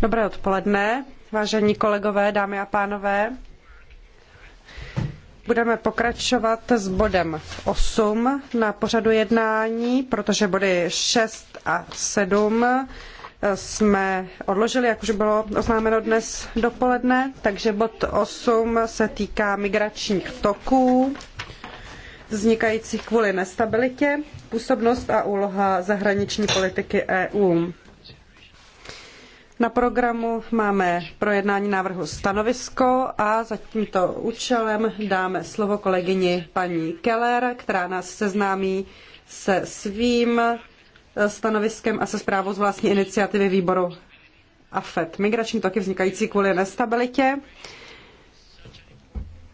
Dobré odpoledne, vážení kolegové, dámy a pánové. Budeme pokračovat s bodem 8 na pořadu jednání, protože body 6 a 7 jsme odložili, jak už bylo oznámeno dnes dopoledne, takže bod 8 se týká migračních toků vznikajících kvůli nestabilitě, působnost a úloha zahraniční politiky EU. Na programu máme projednání návrhu stanovisko a za tímto účelem dáme slovo kolegyni paní Keller, která nás seznámí se svým eh, stanoviskem a se zprávou z vlastní iniciativy výboru AFET. Migrační toky vznikající kvůli nestabilitě.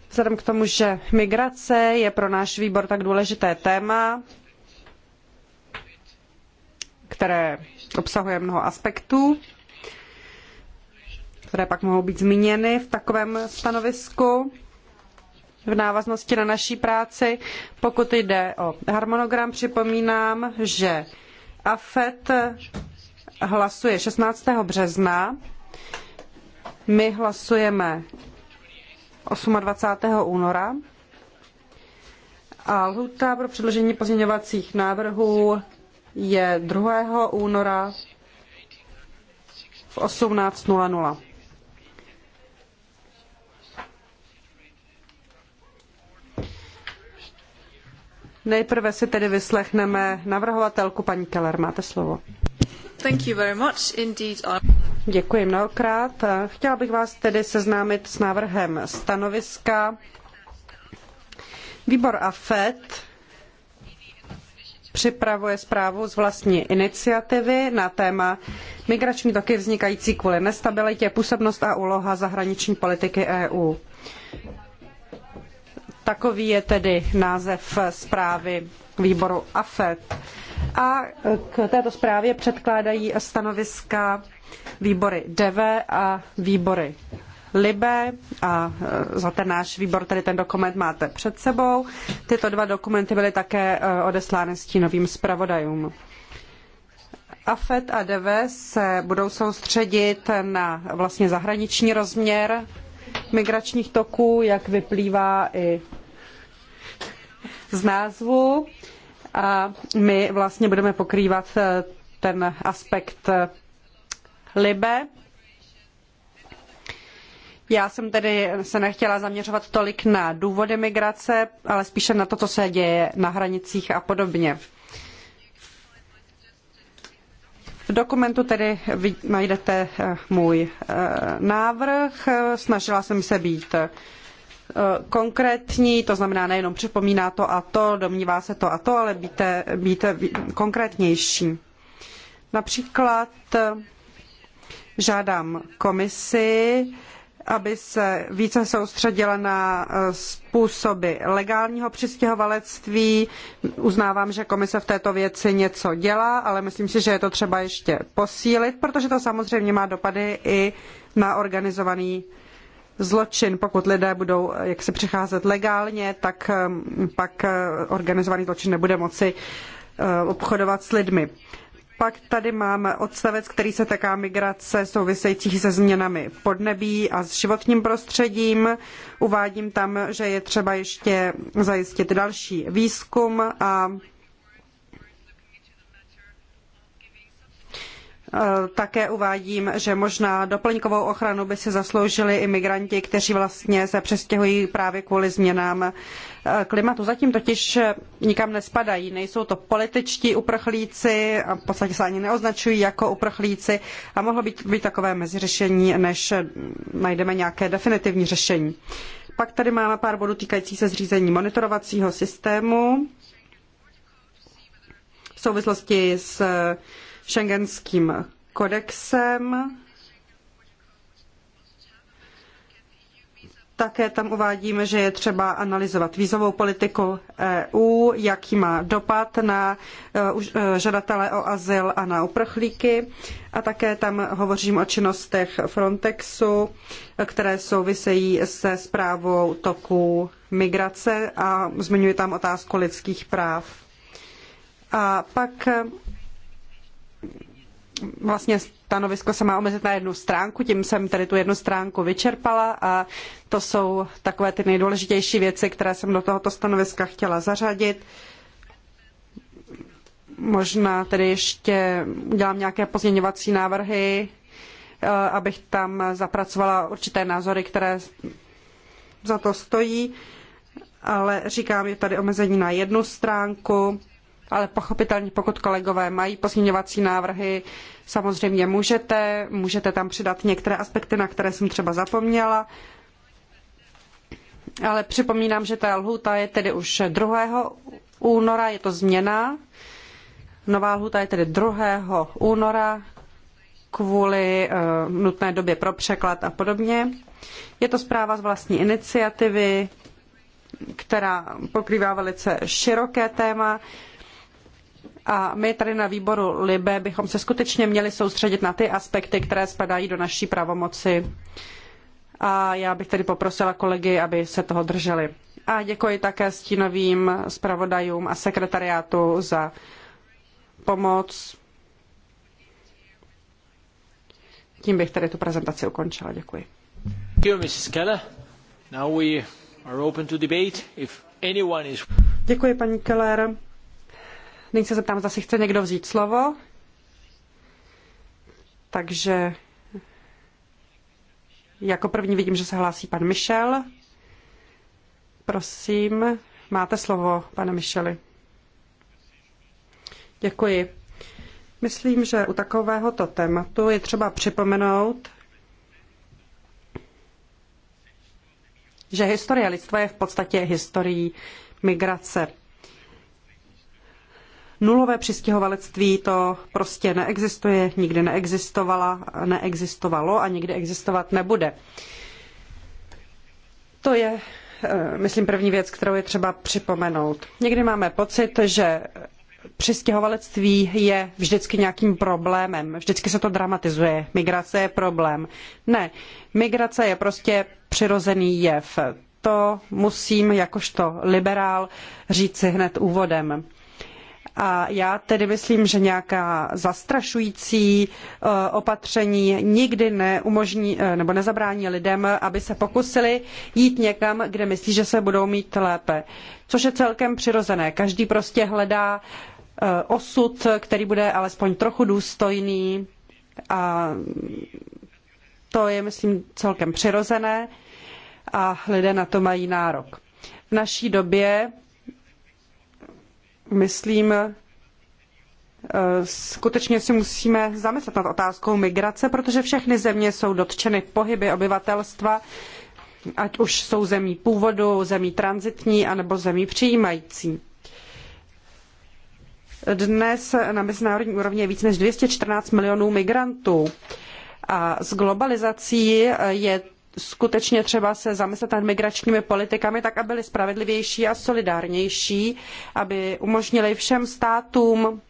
Vzhledem k tomu, že migrace je pro náš výbor tak důležité téma, které obsahuje mnoho aspektů, které pak mohou být zmíněny v takovém stanovisku v návaznosti na naší práci. Pokud jde o harmonogram, připomínám, že AFET hlasuje 16. března, my hlasujeme 28. února a lhuta pro předložení pozměňovacích návrhů je 2. února v 18.00. Nejprve si tedy vyslechneme navrhovatelku paní Keller. Máte slovo. Thank you very much indeed. Děkuji mnohokrát. Chtěla bych vás tedy seznámit s návrhem stanoviska. Výbor AFET připravuje zprávu z vlastní iniciativy na téma migrační toky vznikající kvůli nestabilitě, působnost a úloha zahraniční politiky EU. Takový je tedy název zprávy výboru AFET. A k této zprávě předkládají stanoviska výbory DEVE a výbory Libe a e, za ten náš výbor tedy ten dokument máte před sebou. Tyto dva dokumenty byly také e, odeslány s novým zpravodajům. AFET a DEVE se budou soustředit na vlastně zahraniční rozměr migračních toků, jak vyplývá i z názvu. A my vlastně budeme pokrývat eh, ten aspekt eh, Libe. Já jsem tedy se nechtěla zaměřovat tolik na důvody migrace, ale spíše na to, co se děje na hranicích a podobně. V dokumentu tedy najdete eh, můj eh, návrh. Snažila jsem se být eh, konkrétní, to znamená nejenom připomíná to a to, domnívá se to a to, ale být, býte konkrétnější. Například žádám komisi, aby se více soustředila na eh, způsoby legálního přistěhovalectví. Uznávám, že komise v této věci něco dělá, ale myslím si, že je to třeba ještě posílit, protože to samozřejmě má dopady i na organizovaný zločin. Pokud lidé budou eh, jak si přicházet legálně, tak eh, pak organizovaný zločin nebude moci obchodovat s lidmi. Pak tady máme odstavec, který se týká migrace související se změnami podnebí a s životním prostředím. Uvádím tam, že je třeba ještě zajistit další výzkum a Eh, také uvádím, že možná doplňkovou ochranu by si zasloužili i migranti, kteří vlastně se přestěhují právě kvůli změnám eh, klimatu. Zatím totiž eh, nikam nespadají, nejsou to političtí uprchlíci, a v podstatě se ani neoznačují jako uprchlíci a mohlo být, být takové meziřešení, než najdeme nějaké definitivní řešení. Pak tady máme pár bodů týkající se zřízení monitorovacího systému v souvislosti s Schengenským kodexem. Také tam uvádíme, že je třeba analyzovat vízovou politiku EU, jaký má dopad na eh, eh, žadatele o azyl a na uprchlíky. A také tam hovořím o činnostech Frontexu, které souvisejí se zprávou toků migrace a zmiňuji tam otázku lidských práv. A pak vlastně stanovisko se má omezit na jednu stránku, tím jsem tedy tu jednu stránku vyčerpala a to jsou takové ty nejdůležitější věci, které jsem do tohoto stanoviska chtěla zařadit. Možná tedy ještě udělám nějaké pozměňovací návrhy, eh, abych tam zapracovala určité názory, které za to stojí, ale říkám, je tady omezení na jednu stránku ale pochopitelně pokud kolegové mají pozměňovací návrhy, samozřejmě můžete, můžete tam přidat některé aspekty, na které jsem třeba zapomněla. Ale připomínám, že ta lhůta je tedy už 2. února, je to změna. Nová lhůta je tedy 2. února kvůli uh, nutné době pro překlad a podobně. Je to zpráva z vlastní iniciativy, která pokrývá velice široké téma. Uh, a my tady na výboru LIBE bychom se skutečně měli soustředit na ty aspekty, které spadají do naší pravomoci. A já bych tedy poprosila kolegy, aby se toho drželi. A děkuji také stínovým zpravodajům a sekretariátu za pomoc. Tím bych tedy tu prezentaci ukončila. Děkuji. Děkuji, paní Keller. Nyní se zeptám, zase chce někdo vzít slovo. Takže jako první vidím, že se hlásí pan Michel. Prosím, máte slovo, pane Micheli. Děkuji. Myslím, že u takovéhoto tématu je třeba připomenout, že historie lidstva je v podstatě historií migrace. Nulové přistěhovalectví to prostě neexistuje, nikdy neexistovala, neexistovalo a nikdy existovat nebude. To je, eh, myslím, první věc, kterou je třeba připomenout. Někdy máme pocit, že přistěhovalectví je vždycky nějakým problémem, vždycky se to dramatizuje. Migrace je problém. Ne, migrace je prostě přirozený jev. To musím jakožto liberál říci hned úvodem. A já tedy myslím, že nějaká zastrašující eh, opatření nikdy neumožní eh, nebo nezabrání lidem, aby se pokusili jít někam, kde myslí, že se budou mít lépe. Což je celkem přirozené. Každý prostě hledá eh, osud, který bude alespoň trochu důstojný a to je, myslím, celkem přirozené a lidé na to mají nárok. V naší době myslím, eh, skutečně si musíme zamyslet nad otázkou migrace, protože všechny země jsou dotčeny pohyby obyvatelstva, ať už jsou zemí původu, zemí transitní, anebo zemí přijímající. Dnes na mezinárodní úrovni je více než 214 milionů migrantů. A s globalizací je skutečně třeba se zamyslet nad migračními politikami tak, aby byly spravedlivější a solidárnější, aby umožnili všem státům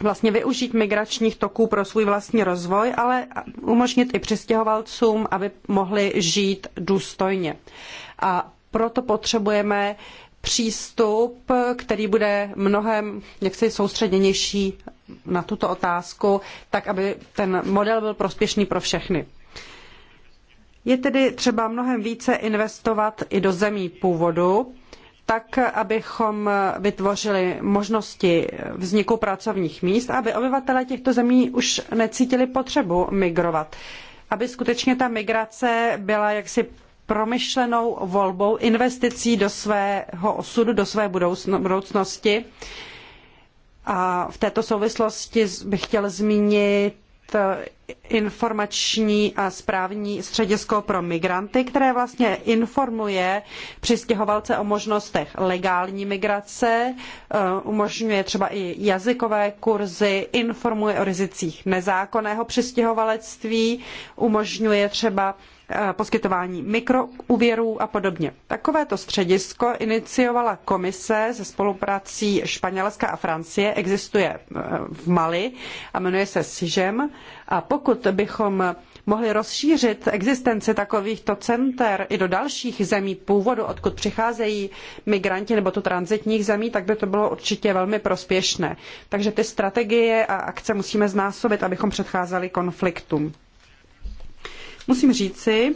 vlastně využít migračních toků pro svůj vlastní rozvoj, ale umožnit i přistěhovalcům, aby mohli žít důstojně. A proto potřebujeme přístup, který bude mnohem jaksi soustředěnější na tuto otázku, tak aby ten model byl prospěšný pro všechny. Je tedy třeba mnohem více investovat i do zemí původu, tak, abychom vytvořili možnosti vzniku pracovních míst, aby obyvatelé těchto zemí už necítili potřebu migrovat. Aby skutečně ta migrace byla jaksi promyšlenou volbou, investicí do svého osudu, do své budoucnosti. A v této souvislosti bych chtěl zmínit informační a správní středisko pro migranty, které vlastně informuje přistěhovalce o možnostech legální migrace, eh, umožňuje třeba i jazykové kurzy, informuje o rizicích nezákonného přistěhovalectví, umožňuje třeba Eh, poskytování mikroúvěrů a podobně. Takovéto středisko iniciovala komise se spoluprací Španělska a Francie, existuje eh, v Mali a jmenuje se SIŽEM. A pokud bychom mohli rozšířit existenci takovýchto center i do dalších zemí původu, odkud přicházejí migranti nebo to transitních zemí, tak by to bylo určitě velmi prospěšné. Takže ty strategie a akce musíme znásobit, abychom předcházeli konfliktům. Musím říci,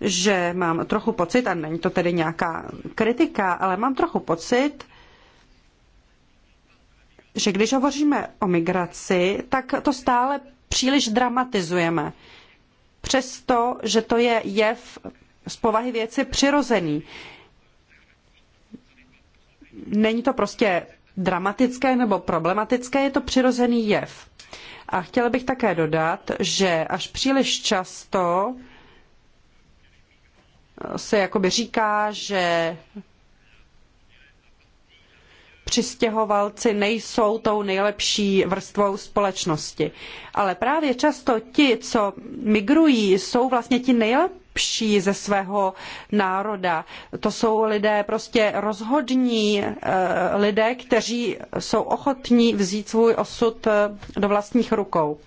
že mám trochu pocit, a není to tedy nějaká kritika, ale mám trochu pocit, že když hovoříme o migraci, tak to stále příliš dramatizujeme. Přesto, že to je jev z povahy věci přirozený. Není to prostě dramatické nebo problematické, je to přirozený jev. A chtěla bych také dodat, že až příliš často se jakoby říká, že přistěhovalci nejsou tou nejlepší vrstvou společnosti. Ale právě často ti, co migrují, jsou vlastně ti nejlepší lepší ze svého národa. To jsou lidé prostě rozhodní, eh, lidé, kteří jsou ochotní vzít svůj osud eh, do vlastních rukou.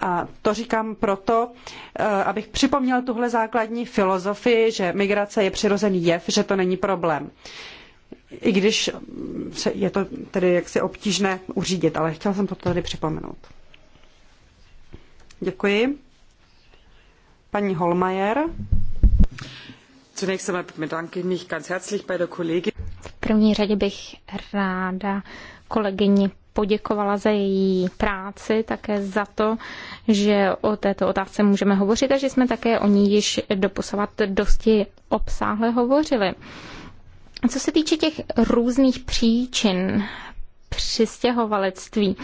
A to říkám proto, eh, abych připomněl tuhle základní filozofii, že migrace je přirozený jev, že to není problém. I když je to tedy jaksi obtížné uřídit, ale chtěla jsem to tady připomenout. Děkuji. Paní Holmajer. V první řadě bych ráda kolegyni poděkovala za její práci, také za to, že o této otázce můžeme hovořit a že jsme také o ní již doposavat dosti obsáhle hovořili. Co se týče těch různých příčin, přistěhovalectví.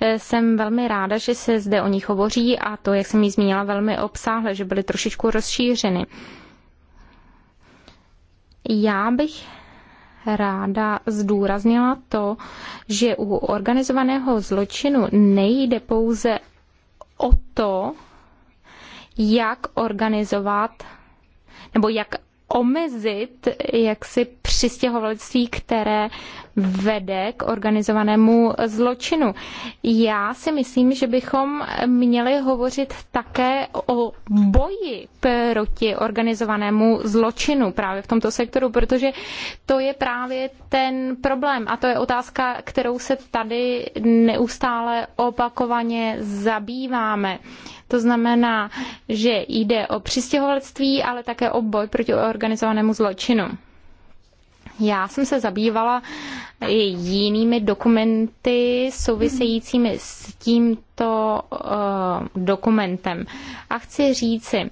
Eh, jsem velmi ráda, že se zde o nich hovoří a to, jak jsem ji zmínila, velmi obsáhle, že byly trošičku rozšířeny. Já bych ráda zdůraznila to, že u organizovaného zločinu nejde pouze o to, jak organizovat nebo jak omezit jaksi přistěhovalectví, které vede k organizovanému zločinu. Já si myslím, že bychom měli hovořit také o boji proti organizovanému zločinu právě v tomto sektoru, protože to je právě ten problém a to je otázka, kterou se tady neustále opakovaně zabýváme. To znamená, že jde o přistěhovalectví, ale také o boj proti organizovanému zločinu. Já jsem se zabývala i jinými dokumenty souvisejícími s tímto uh, dokumentem. A chci říci,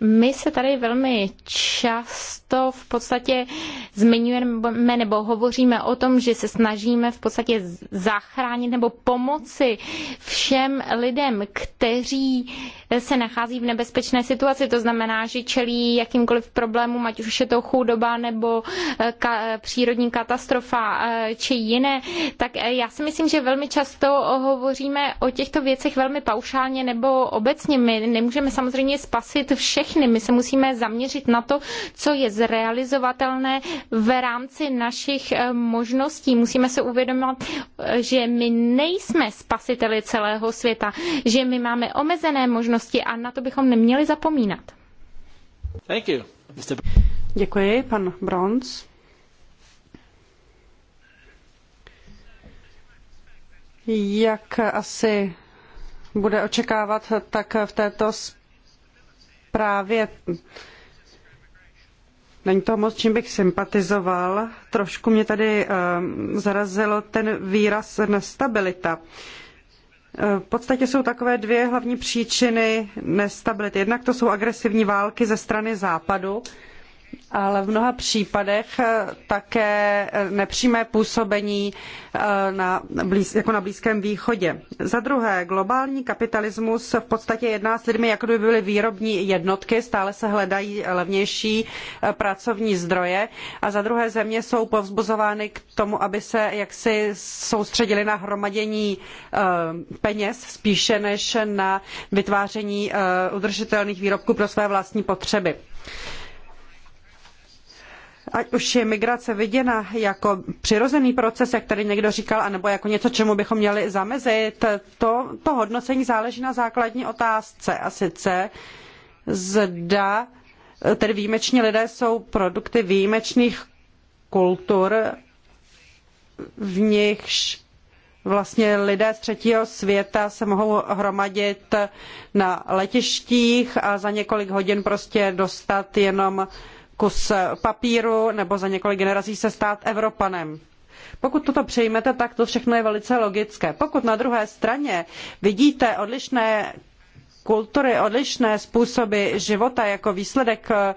my se tady velmi často v podstatě zmiňujeme nebo hovoříme o tom, že se snažíme v podstatě zachránit nebo pomoci všem lidem, kteří se nachází v nebezpečné situaci. To znamená, že čelí jakýmkoliv problémům, ať už je to chudoba nebo eh, ka- přírodní katastrofa eh, či jiné. Tak eh, já si myslím, že velmi často hovoříme o těchto věcech velmi paušálně nebo obecně. My nemůžeme samozřejmě spasit všechny. My se musíme zaměřit na to, co je zrealizovatelné v rámci našich eh, možností. Musíme se uvědomit, eh, že my nejsme spasiteli celého světa, že my máme omezené možnosti a na to bychom neměli zapomínat. Thank you. Mr. Děkuji, pan Bronz. Jak asi bude očekávat, tak v této zprávě právě Není to moc, čím bych sympatizoval. Trošku mě tady um, zarazilo ten výraz nestabilita. Eh, v podstatě jsou takové dvě hlavní příčiny nestability. Jednak to jsou agresivní války ze strany západu, ale v mnoha případech eh, také eh, nepřímé působení eh, na, jako na Blízkém východě. Za druhé, globální kapitalismus v podstatě jedná s lidmi, jako by byly výrobní jednotky, stále se hledají levnější pracovní zdroje. A za druhé, země jsou povzbuzovány k tomu, aby se jaksi soustředili na hromadění peněz spíše než na vytváření udržitelných výrobků pro své vlastní potřeby ať už je migrace viděna jako přirozený proces, jak tady někdo říkal, anebo jako něco, čemu bychom měli zamezit, to, to hodnocení záleží na základní otázce a sice zda e, tedy výjimeční lidé jsou produkty výjimečných kultur, v nichž vlastně lidé z třetího světa se mohou hromadit na letištích a za několik hodin prostě dostat jenom kus papíru nebo za několik generací se stát Evropanem. Pokud toto přijmete, tak to všechno je velice logické. Pokud na druhé straně vidíte odlišné kultury, odlišné způsoby života jako výsledek eh,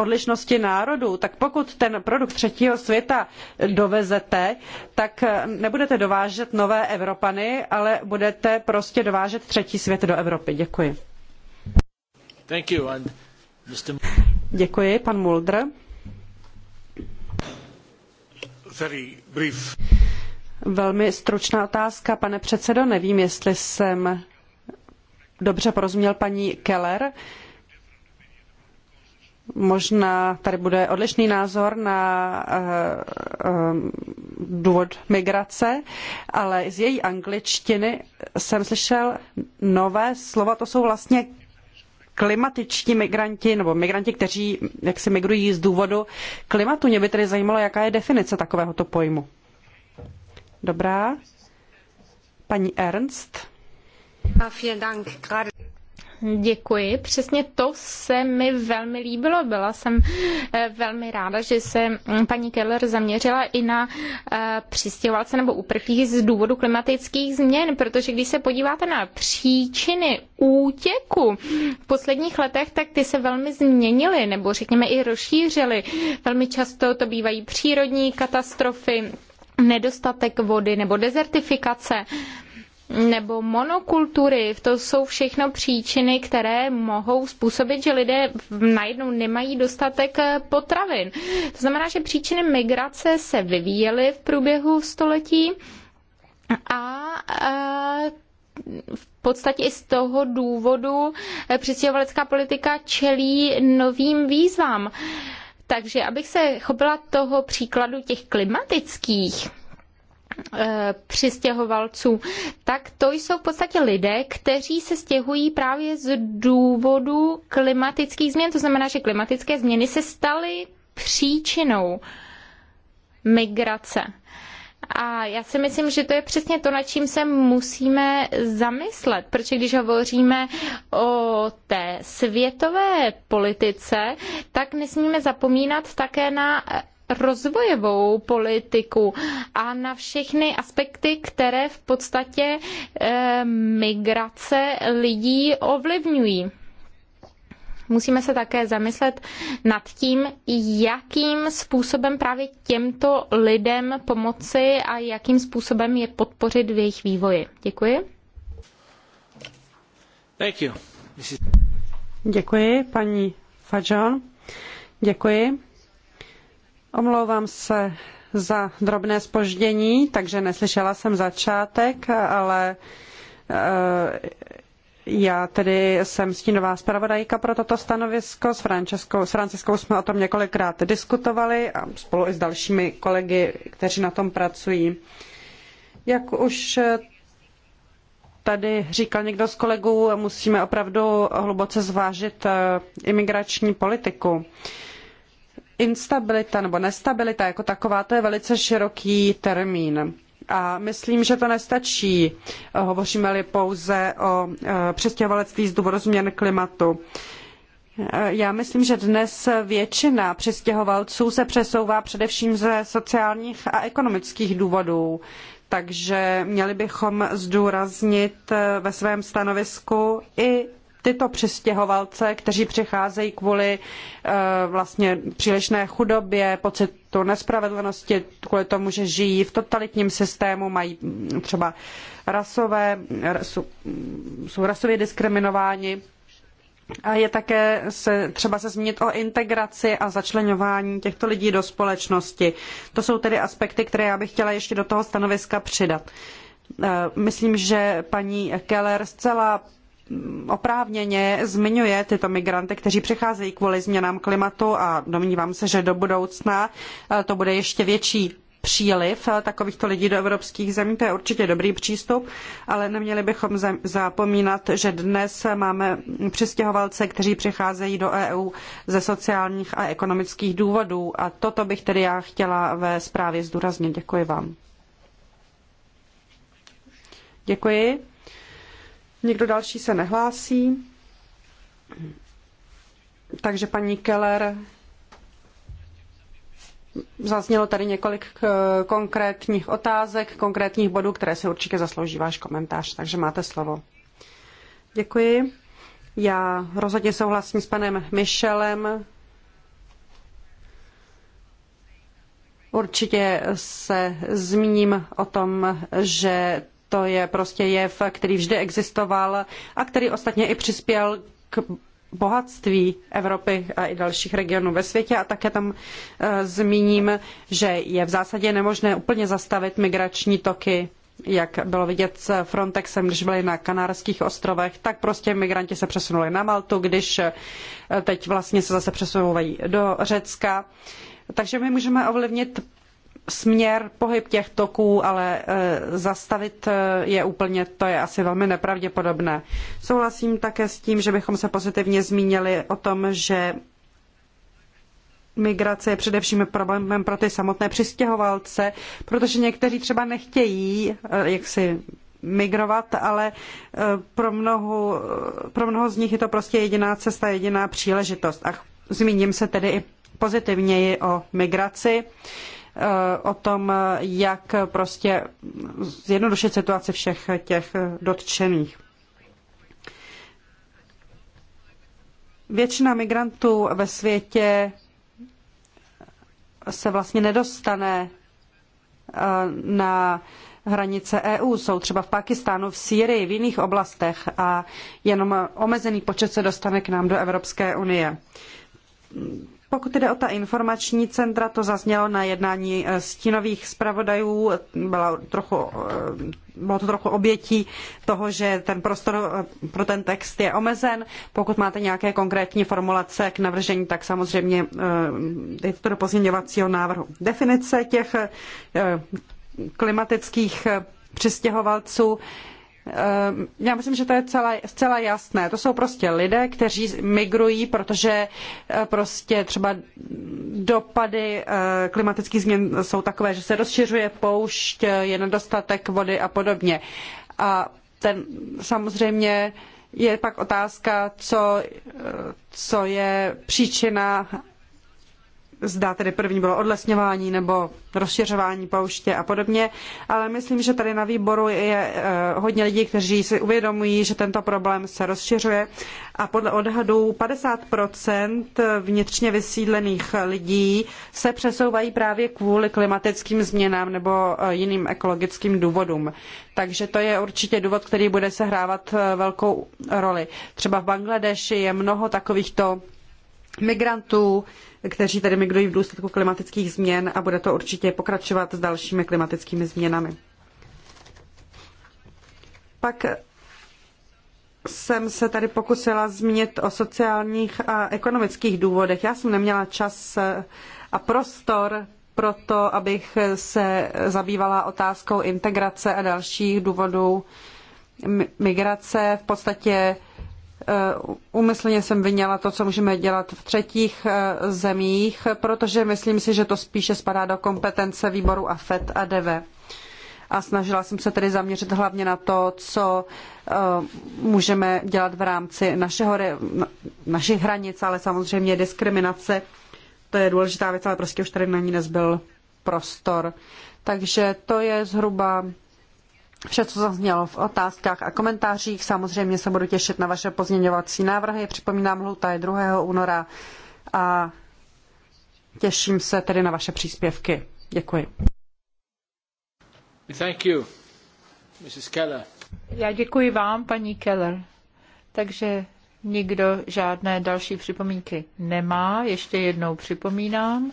odlišnosti národů, tak pokud ten produkt třetího světa dovezete, tak eh, nebudete dovážet nové Evropany, ale budete prostě dovážet třetí svět do Evropy. Děkuji. Děkuji, pan Mulder. Very brief. Velmi stručná otázka, pane předsedo. Nevím, jestli jsem dobře porozuměl paní Keller. Možná tady bude odlišný názor na eh, eh, důvod migrace, ale z její angličtiny jsem slyšel nové slovo, to jsou vlastně klimatičtí migranti nebo migranti, kteří jak si migrují z důvodu klimatu. Mě by tedy zajímalo, jaká je definice takovéhoto pojmu. Dobrá. Paní Ernst. Děkuji. Přesně to se mi velmi líbilo. Byla jsem eh, velmi ráda, že se mm, paní Keller zaměřila i na eh, přistěhovalce nebo uprchlíky z důvodu klimatických změn, protože když se podíváte na příčiny útěku v posledních letech, tak ty se velmi změnily nebo řekněme i rozšířily. Velmi často to bývají přírodní katastrofy, nedostatek vody nebo dezertifikace nebo monokultury, to jsou všechno příčiny, které mohou způsobit, že lidé najednou nemají dostatek eh, potravin. To znamená, že příčiny migrace se vyvíjely v průběhu století a eh, v podstatě i z toho důvodu eh, přistěhovalecká politika čelí novým výzvám. Takže abych se chopila toho příkladu těch klimatických, Eh, přistěhovalců, tak to jsou v podstatě lidé, kteří se stěhují právě z důvodu klimatických změn. To znamená, že klimatické změny se staly příčinou migrace. A já si myslím, že to je přesně to, nad čím se musíme zamyslet, protože když hovoříme o té světové politice, tak nesmíme zapomínat také na rozvojovou politiku a na všechny aspekty, které v podstatě eh, migrace lidí ovlivňují. Musíme se také zamyslet nad tím, jakým způsobem právě těmto lidem pomoci a jakým způsobem je podpořit v jejich vývoji. Děkuji. Thank you. Děkuji, paní Fajon. Děkuji. Omlouvám se za drobné spoždění, takže neslyšela jsem začátek, ale eh, já tedy jsem stínová zpravodajka pro toto stanovisko. S Franciskou, s Franciskou jsme o tom několikrát diskutovali a spolu i s dalšími kolegy, kteří na tom pracují. Jak už tady říkal někdo z kolegů, musíme opravdu hluboce zvážit eh, imigrační politiku instabilita nebo nestabilita jako taková, to je velice široký termín. A myslím, že to nestačí, hovoříme-li pouze o e, přestěhovalectví z důvodu změn klimatu. E, já myslím, že dnes většina přistěhovalců se přesouvá především ze sociálních a ekonomických důvodů. Takže měli bychom zdůraznit e, ve svém stanovisku i tyto přistěhovalce, kteří přicházejí kvůli eh, vlastně přílišné chudobě, pocitu nespravedlnosti, kvůli tomu, že žijí v totalitním systému, mají třeba rasové, rasu, jsou rasově diskriminováni. A je také se, třeba se zmínit o integraci a začlenování těchto lidí do společnosti. To jsou tedy aspekty, které já bych chtěla ještě do toho stanoviska přidat. Eh, myslím, že paní Keller zcela oprávněně zmiňuje tyto migranty, kteří přicházejí kvůli změnám klimatu a domnívám se, že do budoucna eh, to bude ještě větší příliv eh, takovýchto lidí do evropských zemí. To je určitě dobrý přístup, ale neměli bychom zapomínat, že dnes máme přistěhovalce, kteří přicházejí do EU ze sociálních a ekonomických důvodů. A toto bych tedy já chtěla ve zprávě zdůraznit. Děkuji vám. Děkuji. Nikdo další se nehlásí. Takže paní Keller, zaznělo tady několik eh, konkrétních otázek, konkrétních bodů, které se určitě zaslouží váš komentář, takže máte slovo. Děkuji. Já rozhodně souhlasím s panem Michelem. Určitě se zmíním o tom, že to je prostě jev, který vždy existoval a který ostatně i přispěl k bohatství Evropy a i dalších regionů ve světě a také tam eh, zmíním, že je v zásadě nemožné úplně zastavit migrační toky jak bylo vidět s Frontexem, když byli na Kanárských ostrovech, tak prostě migranti se přesunuli na Maltu, když eh, teď vlastně se zase přesouvají do Řecka. Takže my můžeme ovlivnit směr, pohyb těch toků, ale e, zastavit e, je úplně, to je asi velmi nepravděpodobné. Souhlasím také s tím, že bychom se pozitivně zmínili o tom, že migrace je především problémem pro ty samotné přistěhovalce, protože někteří třeba nechtějí, e, jak si migrovat, ale pro mnoho, pro mnoho z nich je to prostě jediná cesta, jediná příležitost. A zmíním se tedy i pozitivněji o migraci. Uh, o tom, jak prostě zjednodušit situaci všech těch dotčených. Většina migrantů ve světě se vlastně nedostane eh, na hranice EU. Jsou třeba v Pakistánu, v Sýrii, v jiných oblastech a jenom omezený počet se dostane k nám do Evropské unie pokud jde o ta informační centra, to zaznělo na jednání eh, stínových zpravodajů, byla trochu, eh, bylo to trochu obětí toho, že ten prostor eh, pro ten text je omezen. Pokud máte nějaké konkrétní formulace k navržení, tak samozřejmě dejte to do pozměňovacího návrhu. Definice těch klimatických přistěhovalců Eh, já myslím, že to je celá, zcela jasné. To jsou prostě lidé, kteří migrují, protože eh, prostě třeba dopady eh, klimatických změn jsou takové, že se rozšiřuje poušť, je nedostatek vody a podobně. A ten samozřejmě je pak otázka, co, co je příčina zda tedy první bylo odlesňování nebo rozšiřování pouště a podobně, ale myslím, že tady na výboru je eh, hodně lidí, kteří si uvědomují, že tento problém se rozšiřuje a podle odhadů 50% vnitřně vysídlených lidí se přesouvají právě kvůli klimatickým změnám nebo eh, jiným ekologickým důvodům. Takže to je určitě důvod, který bude sehrávat eh, velkou roli. Třeba v Bangladeši je mnoho takovýchto migrantů, kteří tedy migrují v důsledku klimatických změn a bude to určitě pokračovat s dalšími klimatickými změnami. Pak jsem se tady pokusila zmínit o sociálních a ekonomických důvodech. Já jsem neměla čas a prostor pro to, abych se zabývala otázkou integrace a dalších důvodů migrace. V podstatě Eh, úmyslně jsem vyněla to, co můžeme dělat v třetích eh, zemích, protože myslím si, že to spíše spadá do kompetence výboru AFET a e DV. A snažila jsem se tedy zaměřit hlavně na to, co eh, můžeme dělat v rámci našeho, našich hranic, ale samozřejmě diskriminace. To je důležitá věc, ale prostě už tady na ní nezbyl prostor. Takže to je zhruba Vše, co zaznělo v otázkách a komentářích, samozřejmě se budu těšit na vaše pozměňovací návrhy. Připomínám, lhuta je 2. února a těším se tedy na vaše příspěvky. Děkuji. Thank you, Mrs. Keller. Já děkuji vám, paní Keller. Takže nikdo žádné další připomínky nemá. Ještě jednou připomínám,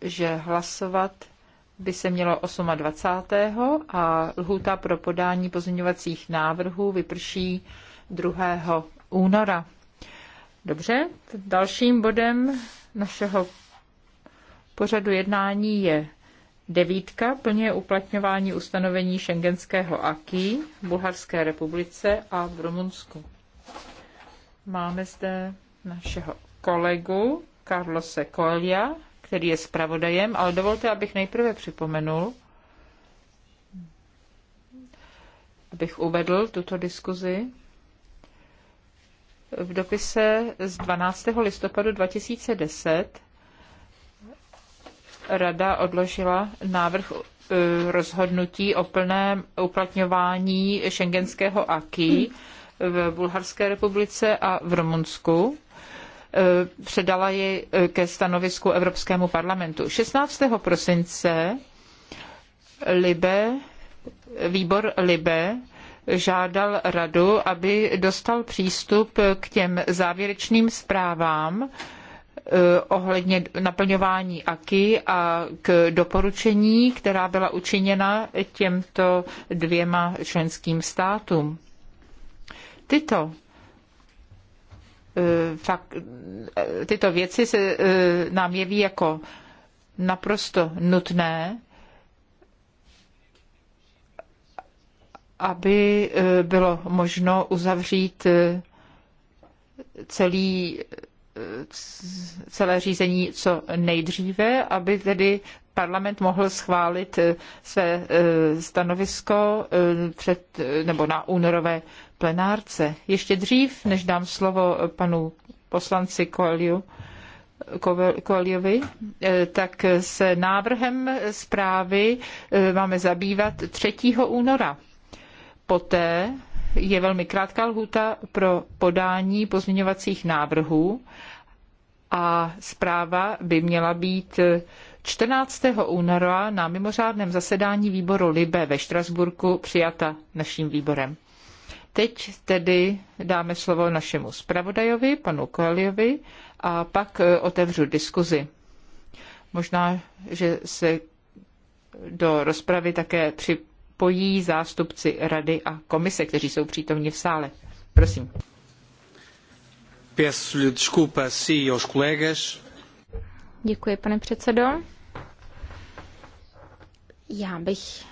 že hlasovat by se mělo 28. a lhůta pro podání pozměňovacích návrhů vyprší 2. února. Dobře, dalším bodem našeho pořadu jednání je devítka, plně uplatňování ustanovení šengenského AKI v Bulharské republice a v Rumunsku. Máme zde našeho kolegu Carlose Coelia, který je zpravodajem, ale dovolte, abych nejprve připomenul, abych uvedl tuto diskuzi. V dopise z 12. listopadu 2010 Rada odložila návrh e, rozhodnutí o plném uplatňování šengenského AKI v Bulharské republice a v Rumunsku Eh, předala ji eh, ke stanovisku Evropskému parlamentu. 16. prosince Libe, výbor Libe žádal radu, aby dostal přístup k těm závěrečným zprávám eh, ohledně naplňování AKI a k doporučení, která byla učiněna těmto dvěma členským státům. Tyto Eh, fakt, eh, tyto věci se eh, nám jeví jako naprosto nutné, aby bylo možno uzavřít celý, celé řízení co nejdříve, aby tedy parlament mohl schválit své stanovisko před, nebo na únorové plenárce. Ještě dřív, než dám slovo panu poslanci Koeliu, Koeliovi, eh, tak se návrhem zprávy eh, máme zabývat 3. února. Poté je velmi krátká lhůta pro podání pozměňovacích návrhů a zpráva by měla být 14. Eh, února na mimořádném zasedání výboru LIBE ve Štrasburku přijata naším výborem. Teď tedy dáme slovo našemu zpravodajovi, panu Koeliovi, a pak e, otevřu diskuzi. Možná, že se do rozpravy také připojí zástupci rady a komise, kteří jsou přítomní v sále. Prosím. si Děkuji, pane předsedo. Já bych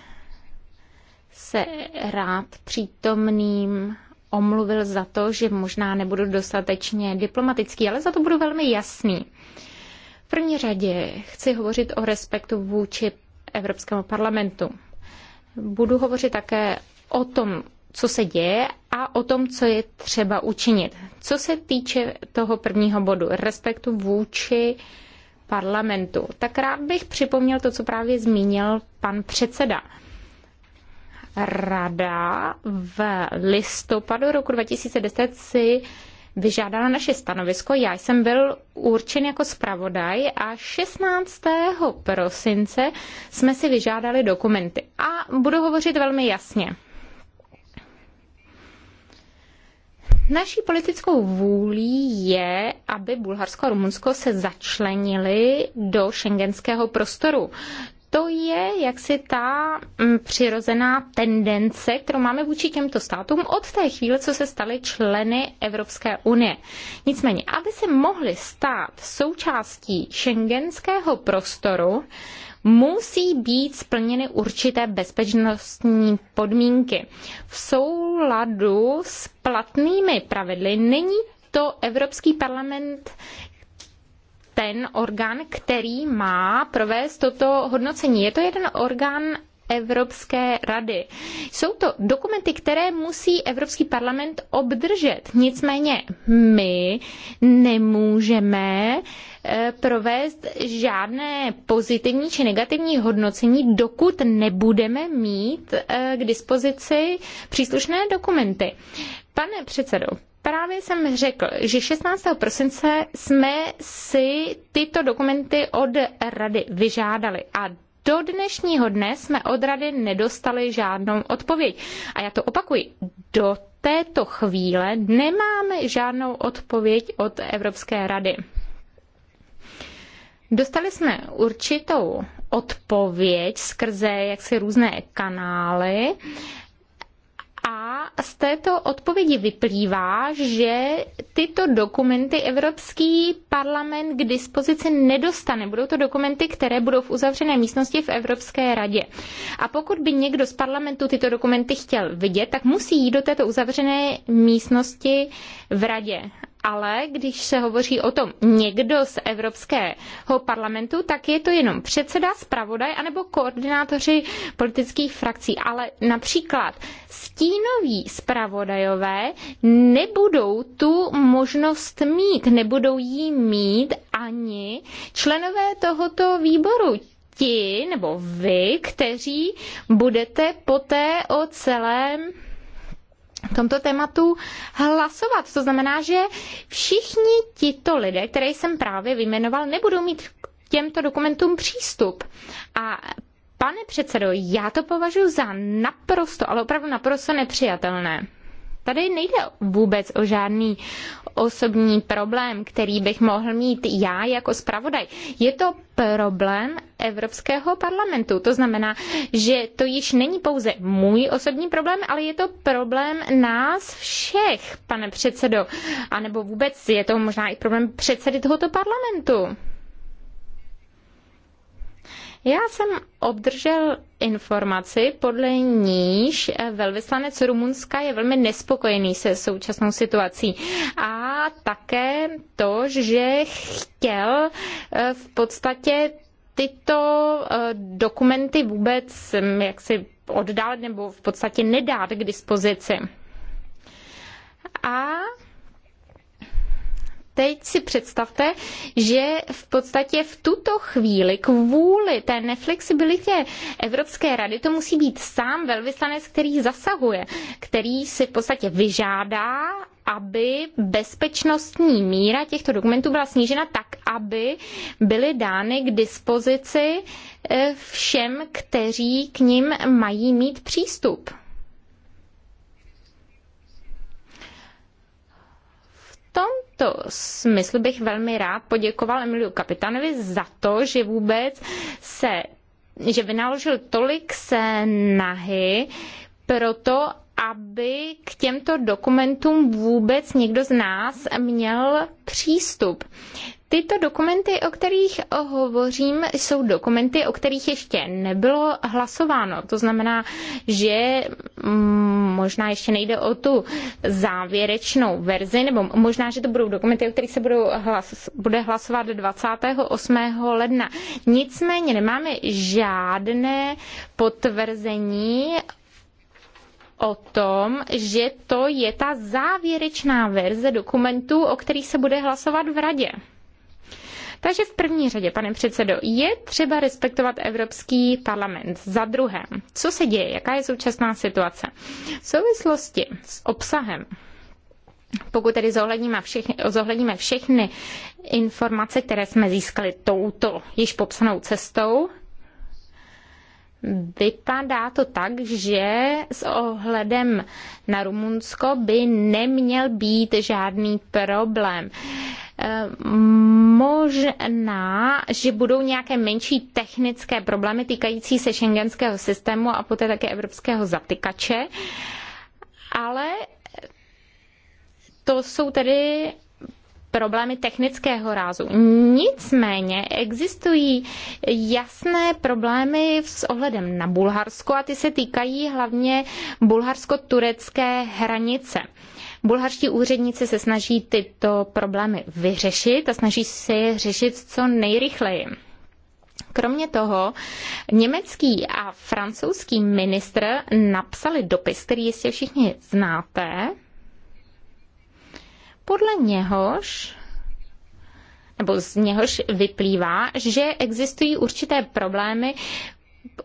se rád přítomným omluvil za to, že možná nebudu dostatečně diplomatický, ale za to budu velmi jasný. V první řadě chci hovořit o respektu vůči Evropskému parlamentu. Budu hovořit také o tom, co se děje a o tom, co je třeba učinit. Co se týče toho prvního bodu, respektu vůči parlamentu, tak rád bych připomněl to, co právě zmínil pan předseda. Rada v listopadu roku 2010 si vyžádala naše stanovisko. Já jsem byl určen jako zpravodaj a 16. prosince jsme si vyžádali dokumenty. A budu hovořit velmi jasně. Naší politickou vůlí je, aby Bulharsko a Rumunsko se začlenili do šengenského prostoru to je jaksi ta mm, přirozená tendence, kterou máme vůči těmto státům od té chvíle, co se staly členy Evropské unie. Nicméně, aby se mohly stát součástí šengenského prostoru, musí být splněny určité bezpečnostní podmínky. V souladu s platnými pravidly není to Evropský parlament ten orgán, který má provést toto hodnocení. Je to jeden orgán Evropské rady. Jsou to dokumenty, které musí Evropský parlament obdržet. Nicméně my nemůžeme eh, provést žádné pozitivní či negativní hodnocení, dokud nebudeme mít eh, k dispozici příslušné dokumenty. Pane předsedo, Právě jsem řekl, že 16. prosince jsme si tyto dokumenty od rady vyžádali a do dnešního dne jsme od rady nedostali žádnou odpověď. A já to opakuji, do této chvíle nemáme žádnou odpověď od Evropské rady. Dostali jsme určitou odpověď skrze jaksi různé kanály, z této odpovědi vyplývá, že tyto dokumenty Evropský parlament k dispozici nedostane. Budou to dokumenty, které budou v uzavřené místnosti v Evropské radě. A pokud by někdo z parlamentu tyto dokumenty chtěl vidět, tak musí jít do této uzavřené místnosti v radě ale když se hovoří o tom někdo z Evropského parlamentu, tak je to jenom předseda, zpravodaj anebo koordinátoři politických frakcí. Ale například stínoví zpravodajové nebudou tu možnost mít, nebudou ji mít ani členové tohoto výboru ti nebo vy, kteří budete poté o celém v tomto tématu hlasovat. To znamená, že všichni tito lidé, které jsem právě vyjmenoval, nebudou mít k těmto dokumentům přístup. A pane předsedo, já to považuji za naprosto, ale opravdu naprosto nepřijatelné. Tady nejde vůbec o žádný osobní problém, který bych mohl mít já jako zpravodaj. Je to problém Evropského parlamentu. To znamená, že to již není pouze můj osobní problém, ale je to problém nás všech, pane předsedo. A nebo vůbec je to možná i problém předsedy tohoto parlamentu. Já jsem obdržel informaci, podle níž velvyslanec Rumunska je velmi nespokojený se současnou situací a také to, že chtěl eh, v podstatě tyto eh, dokumenty vůbec mm, jaksi oddálit nebo v podstatě nedát k dispozici. A teď si představte, že v podstatě v tuto chvíli kvůli té neflexibilitě Evropské rady to musí být sám velvyslanec, který zasahuje, který si v podstatě vyžádá aby bezpečnostní míra těchto dokumentů byla snížena tak, aby byly dány k dispozici eh, všem, kteří k nim mají mít přístup. tomto smyslu bych velmi rád poděkoval Emiliu Kapitanovi za to, že vůbec se, že vynaložil tolik snahy pro to, aby k těmto dokumentům vůbec někdo z nás měl přístup. Tyto dokumenty, o kterých eh, hovořím, jsou dokumenty, o kterých ještě nebylo hlasováno. To znamená, že mm, možná ještě nejde o tu závěrečnou verzi, nebo možná, že to budou dokumenty, o kterých se budou hlas, bude hlasovat 28. ledna. Nicméně nemáme žádné potvrzení o tom, že to je ta závěrečná verze dokumentů, o kterých se bude hlasovat v radě. Takže v první řadě, pane předsedo, je třeba respektovat Evropský parlament. Za druhé, co se děje, jaká je současná situace? V souvislosti s obsahem pokud tedy zohledníme všechny, zohledníme všechny informace, které jsme získali touto již popsanou cestou, Vypadá to tak, že s ohledem na Rumunsko by neměl být žádný problém. Ehm, možná, že budou nějaké menší technické problémy týkající se šengenského systému a poté také evropského zatykače, ale to jsou tedy problémy technického rázu. Nicméně existují jasné problémy s ohledem na Bulharsko a ty se týkají hlavně bulharsko-turecké hranice. Uh, Bulharští úředníci se snaží tyto problémy vyřešit a snaží se je řešit co nejrychleji. Kromě toho, německý a francouzský ministr napsali dopis, který jistě všichni znáte. Podle něhož nebo z něhož vyplývá, že existují určité problémy,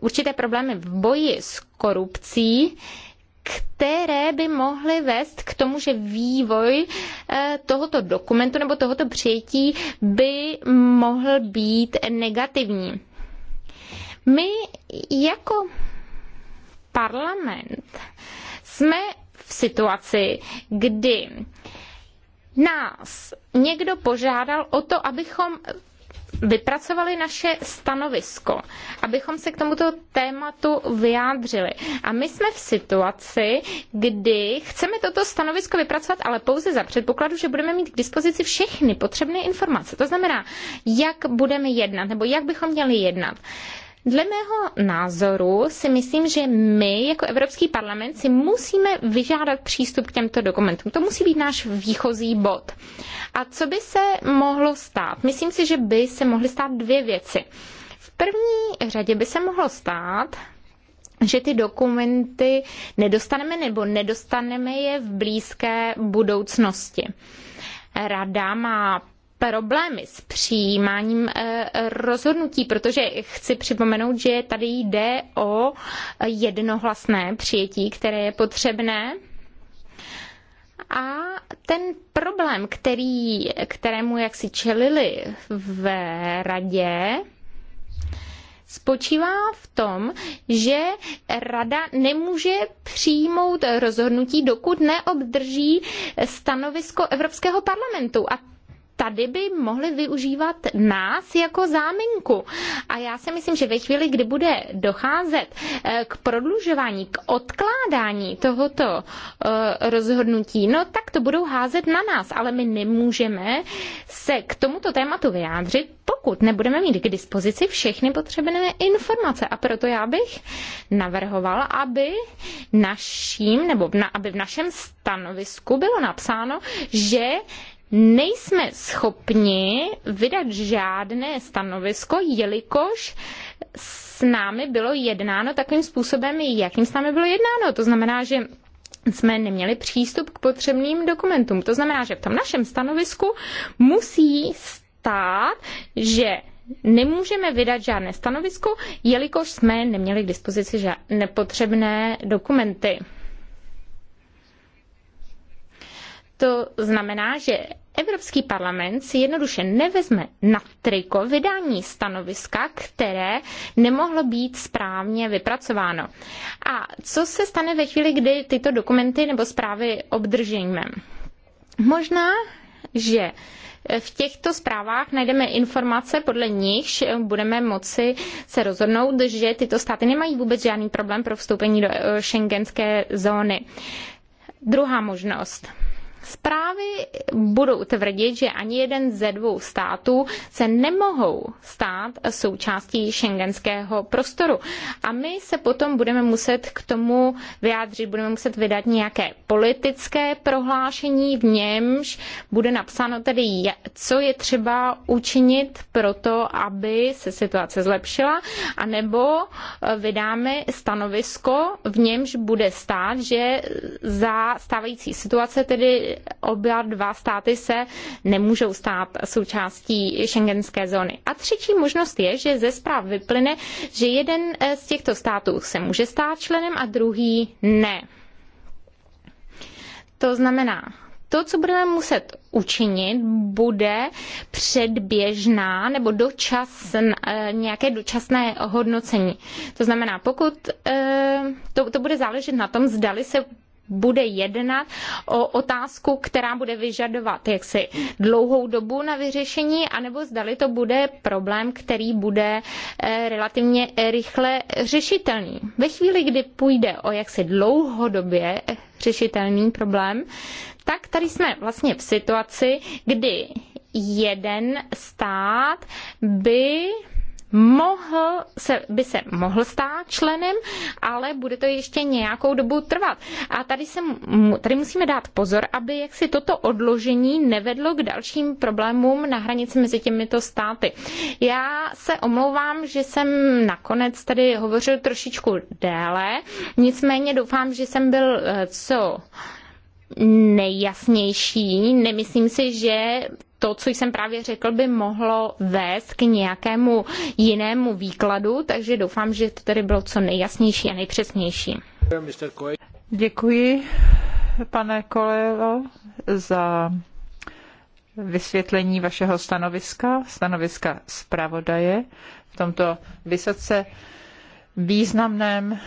určité problémy v boji s korupcí, které by mohly vést k tomu, že vývoj eh, tohoto dokumentu nebo tohoto přijetí by mohl být negativní. My jako parlament jsme v situaci, kdy nás někdo požádal o to, abychom vypracovali naše stanovisko, abychom se k tomuto tématu vyjádřili. A my jsme v situaci, kdy chceme toto stanovisko vypracovat, ale pouze za předpokladu, že budeme mít k dispozici všechny potřebné informace. To znamená, jak budeme jednat, nebo jak bychom měli jednat. Dle mého názoru si myslím, že my jako Evropský parlament si musíme vyžádat přístup k těmto dokumentům. To musí být náš výchozí bod. A co by se mohlo stát? Myslím si, že by se mohly stát dvě věci. V první řadě by se mohlo stát, že ty dokumenty nedostaneme nebo nedostaneme je v blízké budoucnosti. Rada má problémy s přijímáním eh, rozhodnutí, protože chci připomenout, že tady jde o jednohlasné přijetí, které je potřebné. A ten problém, který, kterému jak si čelili v radě, spočívá v tom, že rada nemůže přijmout rozhodnutí, dokud neobdrží stanovisko Evropského parlamentu. A tady by mohli využívat nás jako záminku. A já si myslím, že ve chvíli, kdy bude docházet eh, k prodlužování, k odkládání tohoto eh, rozhodnutí, no tak to budou házet na nás, ale my nemůžeme se k tomuto tématu vyjádřit, pokud nebudeme mít k dispozici všechny potřebné informace. A proto já bych navrhoval, aby naším, nebo na, aby v našem stanovisku bylo napsáno, že nejsme schopni vydat žádné stanovisko, jelikož s námi bylo jednáno takovým způsobem, jakým s námi bylo jednáno. To znamená, že jsme neměli přístup k potřebným dokumentům. To znamená, že v tom našem stanovisku musí stát, že nemůžeme vydat žádné stanovisko, jelikož jsme neměli k dispozici nepotřebné dokumenty. To znamená, že Evropský parlament si jednoduše nevezme na triko vydání stanoviska, které nemohlo být správně vypracováno. A co se stane ve chvíli, kdy tyto dokumenty nebo zprávy obdržíme? Možná, že v těchto zprávách najdeme informace, podle nichž budeme moci se rozhodnout, že tyto státy nemají vůbec žádný problém pro vstoupení do šengenské eh, zóny. Druhá možnost. Zprávy budou tvrdit, že ani jeden ze dvou států se nemohou stát součástí šengenského prostoru. A my se potom budeme muset k tomu vyjádřit, budeme muset vydat nějaké politické prohlášení, v němž bude napsáno tedy, co je třeba učinit pro to, aby se situace zlepšila, anebo eh, vydáme stanovisko, v němž bude stát, že za stávající situace tedy oba dva státy se nemůžou stát součástí šengenské zóny. A třetí možnost je, že ze zpráv vyplyne, že jeden eh, z těchto států se může stát členem a druhý ne. To znamená, to, co budeme muset učinit, bude předběžná nebo dočas, eh, nějaké dočasné hodnocení. To znamená, pokud eh, to, to bude záležet na tom, zdali se bude jednat o otázku, která bude vyžadovat jaksi dlouhou dobu na vyřešení, anebo zdali to bude problém, který bude eh, relativně eh, rychle řešitelný. Ve chvíli, kdy půjde o jaksi dlouhodobě řešitelný problém, tak tady jsme vlastně v situaci, kdy jeden stát by mohl, se, by se mohl stát členem, ale bude to ještě nějakou dobu trvat. A tady, se, tady musíme dát pozor, aby jaksi toto odložení nevedlo k dalším problémům na hranici mezi těmito státy. Já se omlouvám, že jsem nakonec tady hovořil trošičku déle, nicméně doufám, že jsem byl eh, co nejjasnější. Nemyslím si, že to, co jsem právě řekl, by mohlo vést k nějakému jinému výkladu, takže doufám, že to tedy bylo co nejjasnější a nejpřesnější. Děkuji, pane Kolelo, za vysvětlení vašeho stanoviska, stanoviska zpravodaje v tomto vysoce významném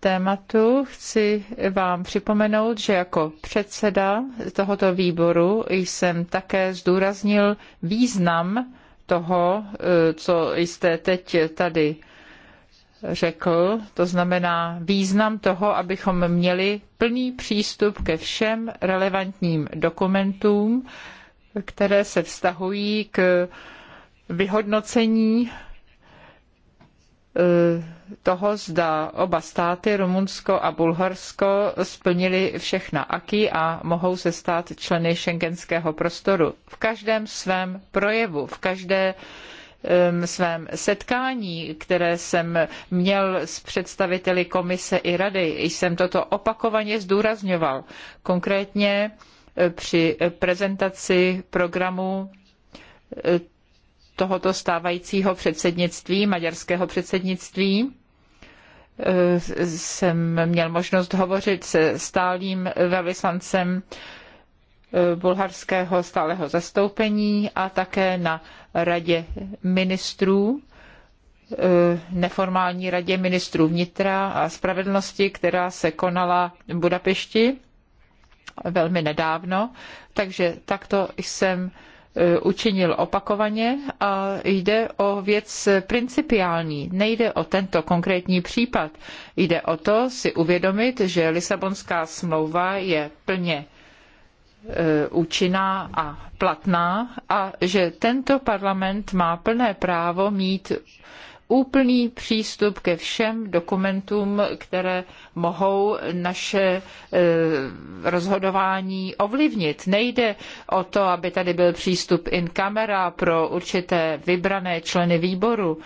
tématu chci vám připomenout, že jako předseda tohoto výboru jsem také zdůraznil význam toho, e, co jste teď tady řekl, to znamená význam toho, abychom měli plný přístup ke všem relevantním dokumentům, které se vztahují k vyhodnocení Eh, toho, zda oba státy, Rumunsko a Bulharsko, splnili všechna aky a mohou se stát členy šengenského prostoru. V každém svém projevu, v každé svém setkání, které jsem měl s představiteli komise i rady, jsem toto opakovaně zdůrazňoval. Konkrétně eh, při prezentaci programu eh, tohoto stávajícího předsednictví, maďarského předsednictví eh, jsem měl možnost hovořit se stálým velvyslancem eh, bulharského stáleho zastoupení a také na radě ministrů, eh, neformální radě ministrů vnitra a spravedlnosti, která se konala v Budapešti velmi nedávno. Takže takto jsem E, učinil opakovaně a jde o věc principiální. Nejde o tento konkrétní případ. Jde o to si uvědomit, že Lisabonská smlouva je plně e, účinná a platná a že tento parlament má plné právo mít úplný přístup ke všem dokumentům, které mohou naše e, rozhodování ovlivnit. Nejde o to, aby tady byl přístup in camera pro určité vybrané členy výboru,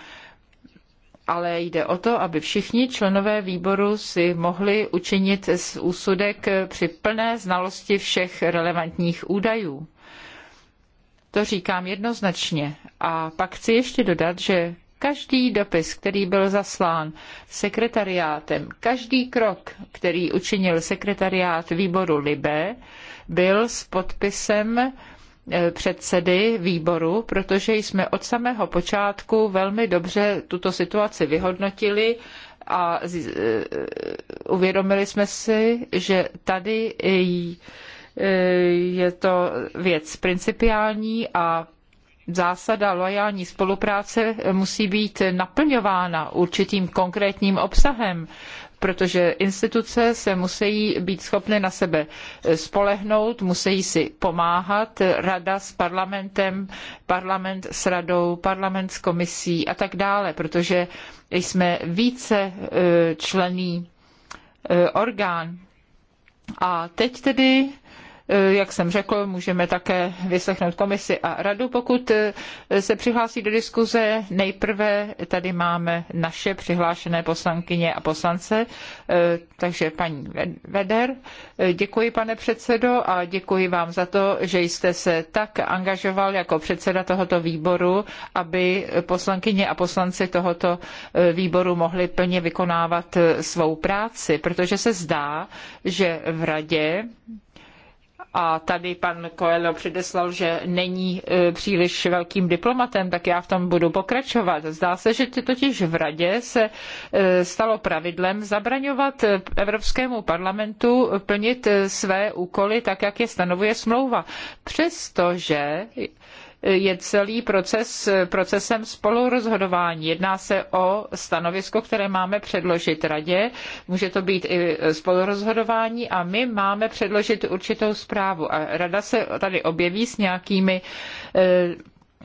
ale jde o to, aby všichni členové výboru si mohli učinit úsudek při plné znalosti všech relevantních údajů. To říkám jednoznačně. A pak chci ještě dodat, že Každý dopis, který byl zaslán sekretariátem, každý krok, který učinil sekretariát výboru Libe, byl s podpisem eh, předsedy výboru, protože jsme od samého počátku velmi dobře tuto situaci vyhodnotili a eh, uvědomili jsme si, že tady eh, je to věc principiální a zásada loajální spolupráce musí být naplňována určitým konkrétním obsahem, protože instituce se musí být schopny na sebe spolehnout, musí si pomáhat, rada s parlamentem, parlament s radou, parlament s komisí a tak dále, protože jsme více e, člený e, orgán. A teď tedy Eh, jak jsem řekl, můžeme také vyslechnout komisi a radu. Pokud eh, se přihlásí do diskuze, nejprve tady máme naše přihlášené poslankyně a poslance, eh, takže paní Veder, děkuji pane předsedo a děkuji vám za to, že jste se tak angažoval jako předseda tohoto výboru, aby poslankyně a poslanci tohoto výboru mohli plně vykonávat svou práci, protože se zdá, že v radě a tady pan Coelho předeslal, že není e, příliš velkým diplomatem, tak já v tom budu pokračovat. Zdá se, že totiž v radě se e, stalo pravidlem zabraňovat e, Evropskému parlamentu plnit své úkoly tak, jak je stanovuje smlouva. Přestože je celý proces procesem spolurozhodování. Jedná se o stanovisko, které máme předložit radě. Může to být i spolurozhodování a my máme předložit určitou zprávu. A rada se tady objeví s nějakými eh,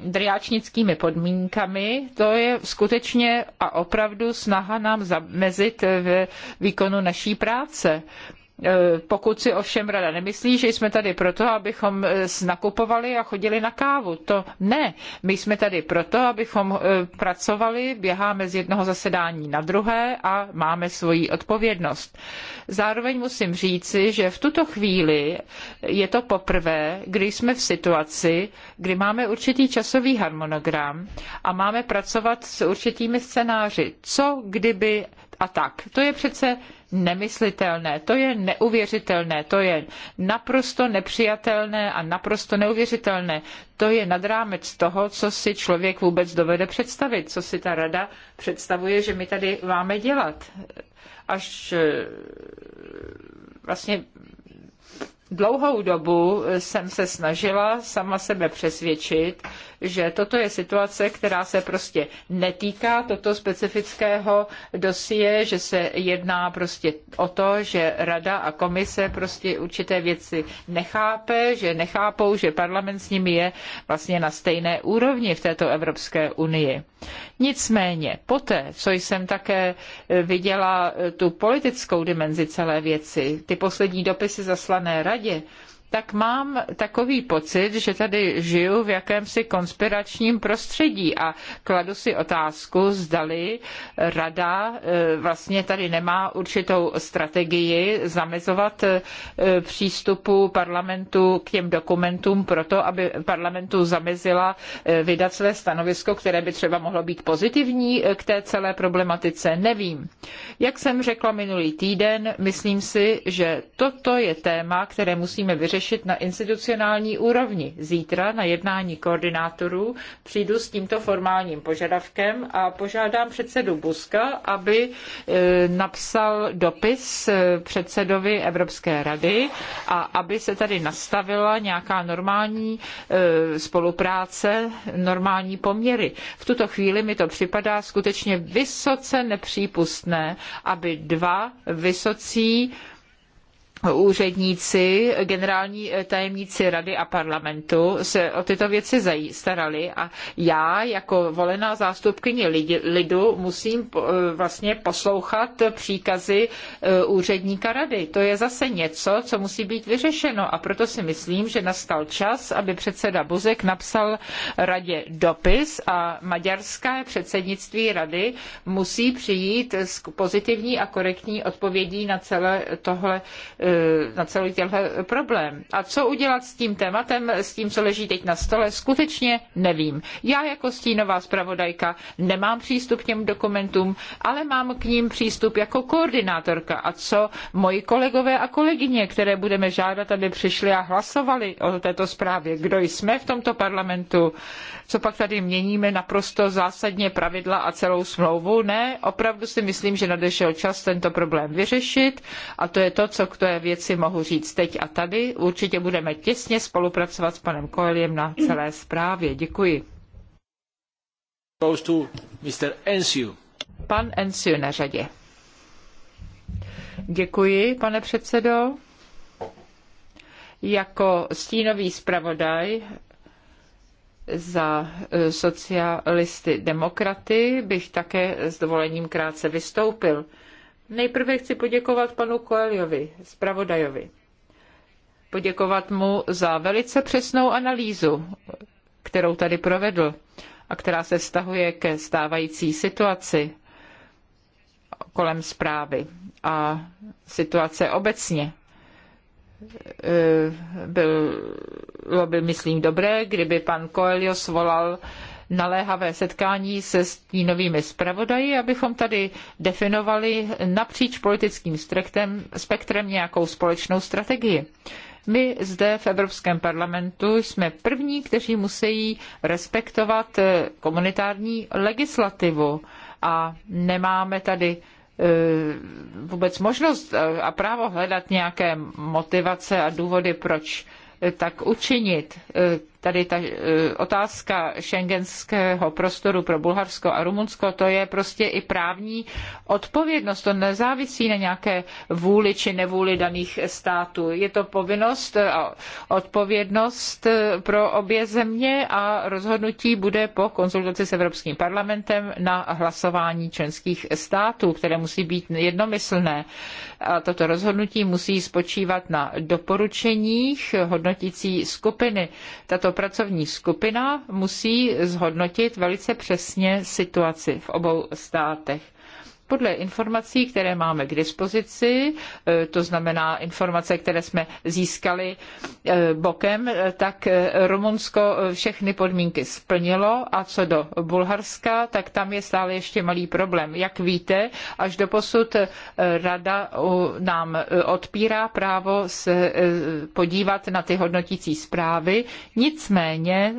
driáčnickými podmínkami, to je skutečně a opravdu snaha nám zamezit v výkonu naší práce. E, pokud si ovšem rada nemyslí, že jsme tady proto, abychom e, nakupovali a chodili na kávu, to ne. My jsme tady proto, abychom e, pracovali, běháme z jednoho zasedání na druhé a máme svoji odpovědnost. Zároveň musím říci, že v tuto chvíli je to poprvé, kdy jsme v situaci, kdy máme určitý časový harmonogram a máme pracovat s určitými scénáři. Co kdyby a tak. To je přece nemyslitelné. To je neuvěřitelné, to je naprosto nepřijatelné a naprosto neuvěřitelné. To je nad rámec toho, co si člověk vůbec dovede představit, co si ta rada představuje, že my tady máme dělat. Až eh, vlastně Dlouhou dobu jsem se snažila sama sebe přesvědčit, že toto je situace, která se prostě netýká toto specifického dosie, že se jedná prostě o to, že rada a komise prostě určité věci nechápe, že nechápou, že parlament s nimi je vlastně na stejné úrovni v této Evropské unii. Nicméně, poté, co jsem také viděla tu politickou dimenzi celé věci, ty poslední dopisy zaslané radě, řadě tak mám takový pocit, že tady žiju v jakémsi konspiračním prostředí a kladu si otázku, zdali eh, rada eh, vlastně tady nemá určitou strategii zamezovat eh, přístupu parlamentu k těm dokumentům proto, aby parlamentu zamezila vydat své stanovisko, které by třeba mohlo být pozitivní k té celé problematice, nevím. Jak jsem řekla minulý týden, myslím si, že toto je téma, které musíme vyřešit řešit na institucionální úrovni. Zítra na jednání koordinátorů přijdu s tímto formálním požadavkem a požádám předsedu Buska, aby e, napsal dopis e, předsedovi Evropské rady a aby se tady nastavila nějaká normální e, spolupráce, normální poměry. V tuto chvíli mi to připadá skutečně vysoce nepřípustné, aby dva vysocí úředníci, generální eh, tajemníci rady a parlamentu se o tyto věci starali a já jako volená zástupkyně lidu musím eh, vlastně poslouchat příkazy eh, úředníka rady. To je zase něco, co musí být vyřešeno a proto si myslím, že nastal čas, aby předseda Buzek napsal radě dopis a maďarské předsednictví rady musí přijít s pozitivní a korektní odpovědí na celé tohle Eh, na celý tenhle problém. A co udělat s tím tématem, s tím, co leží teď na stole, skutečně nevím. Já jako stínová zpravodajka nemám přístup k těm dokumentům, ale mám k ním přístup jako koordinátorka. A co moji kolegové a kolegyně, které budeme žádat, aby přišli a hlasovali o této zprávě, kdo jsme v tomto parlamentu, co pak tady měníme naprosto zásadně pravidla a celou smlouvu. Ne, opravdu si myslím, že nadešel čas tento problém vyřešit a to je to, co k té věci mohu říct teď a tady. Určitě budeme těsně spolupracovat s panem Koeliem na celé zprávě. Děkuji. Goes to Mr. Ensiu. Pan Ensiu na řadě. Děkuji, pane předsedo. Jako stínový zpravodaj za eh, socialisty demokraty bych také s dovolením krátce vystoupil. Nejprve chci poděkovat panu Koeliovi, zpravodajovi. Poděkovat mu za velice přesnou analýzu, kterou tady provedl a která se vztahuje ke stávající situaci kolem zprávy a situace obecně. E, bylo by, myslím, dobré, kdyby pan Koelio svolal naléhavé setkání se stínovými zpravodaji, abychom tady definovali napříč politickým spektrem, spektrem nějakou společnou strategii. My zde v Evropském parlamentu jsme první, kteří musí respektovat eh, komunitární legislativu a nemáme tady eh, vůbec možnost eh, a právo hledat nějaké motivace a důvody, proč tak učinit tady ta eh, otázka šengenského prostoru pro Bulharsko a Rumunsko, to je prostě i právní odpovědnost. To nezávisí na nějaké vůli či nevůli daných států. Je to povinnost a odpovědnost eh, pro obě země a rozhodnutí bude po konzultaci s Evropským parlamentem na hlasování členských států, které musí být jednomyslné. A toto rozhodnutí musí spočívat na doporučeních hodnotící skupiny. Tato tato pracovní skupina musí zhodnotit velice přesně situaci v obou státech. Podle informací, které máme k dispozici, e, to znamená informace, které jsme získali e, bokem, e, tak Rumunsko všechny podmínky splnilo a co do Bulharska, tak tam je stále ještě malý problém. Jak víte, až do posud rada nám odpírá právo se podívat na ty hodnotící zprávy. Nicméně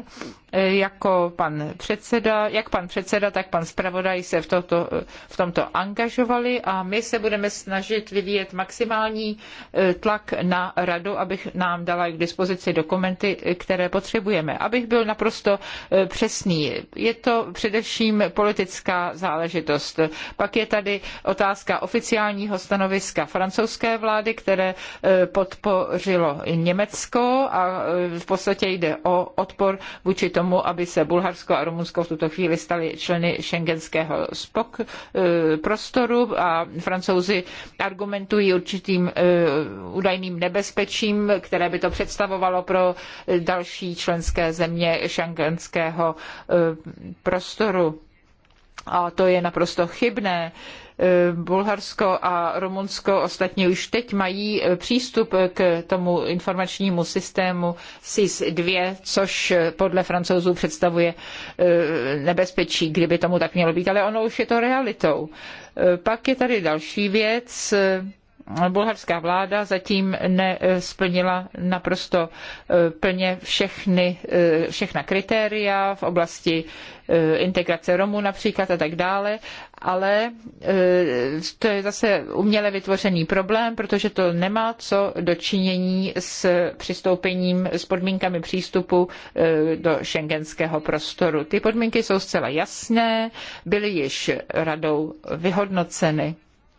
jako pan předseda, jak pan předseda, tak pan zpravodaj se v, toto, v tomto angažovali a my se budeme snažit vyvíjet maximální eh, tlak na radu, abych nám dala k dispozici dokumenty, eh, které potřebujeme. Abych byl naprosto eh, přesný, je to především politická záležitost. Pak je tady otázka oficiálního stanoviska francouzské vlády, které podpořilo Německo a v podstatě jde o odpor vůči tomu, tomu, aby se Bulharsko a Rumunsko v tuto chvíli stali členy šengenského spok, e, prostoru a francouzi argumentují určitým e, údajným nebezpečím, které by to představovalo pro další členské země šengenského e, prostoru. A to je naprosto chybné. Eh, Bulharsko a Rumunsko ostatně už teď mají eh, přístup k tomu informačnímu systému SIS-2, což eh, podle francouzů představuje nebezpečí, kdyby tomu tak mělo být, ale ono už je to realitou. Pak je tady další věc, bulharská vláda zatím nesplnila naprosto eh, plně všechny, eh, všechna kritéria v oblasti eh, integrace Romů například a tak dále, ale to je zase uměle vytvořený problém, protože to nemá co dočinění s přistoupením, s podmínkami přístupu do šengenského prostoru. Ty podmínky jsou zcela jasné, byly již radou vyhodnoceny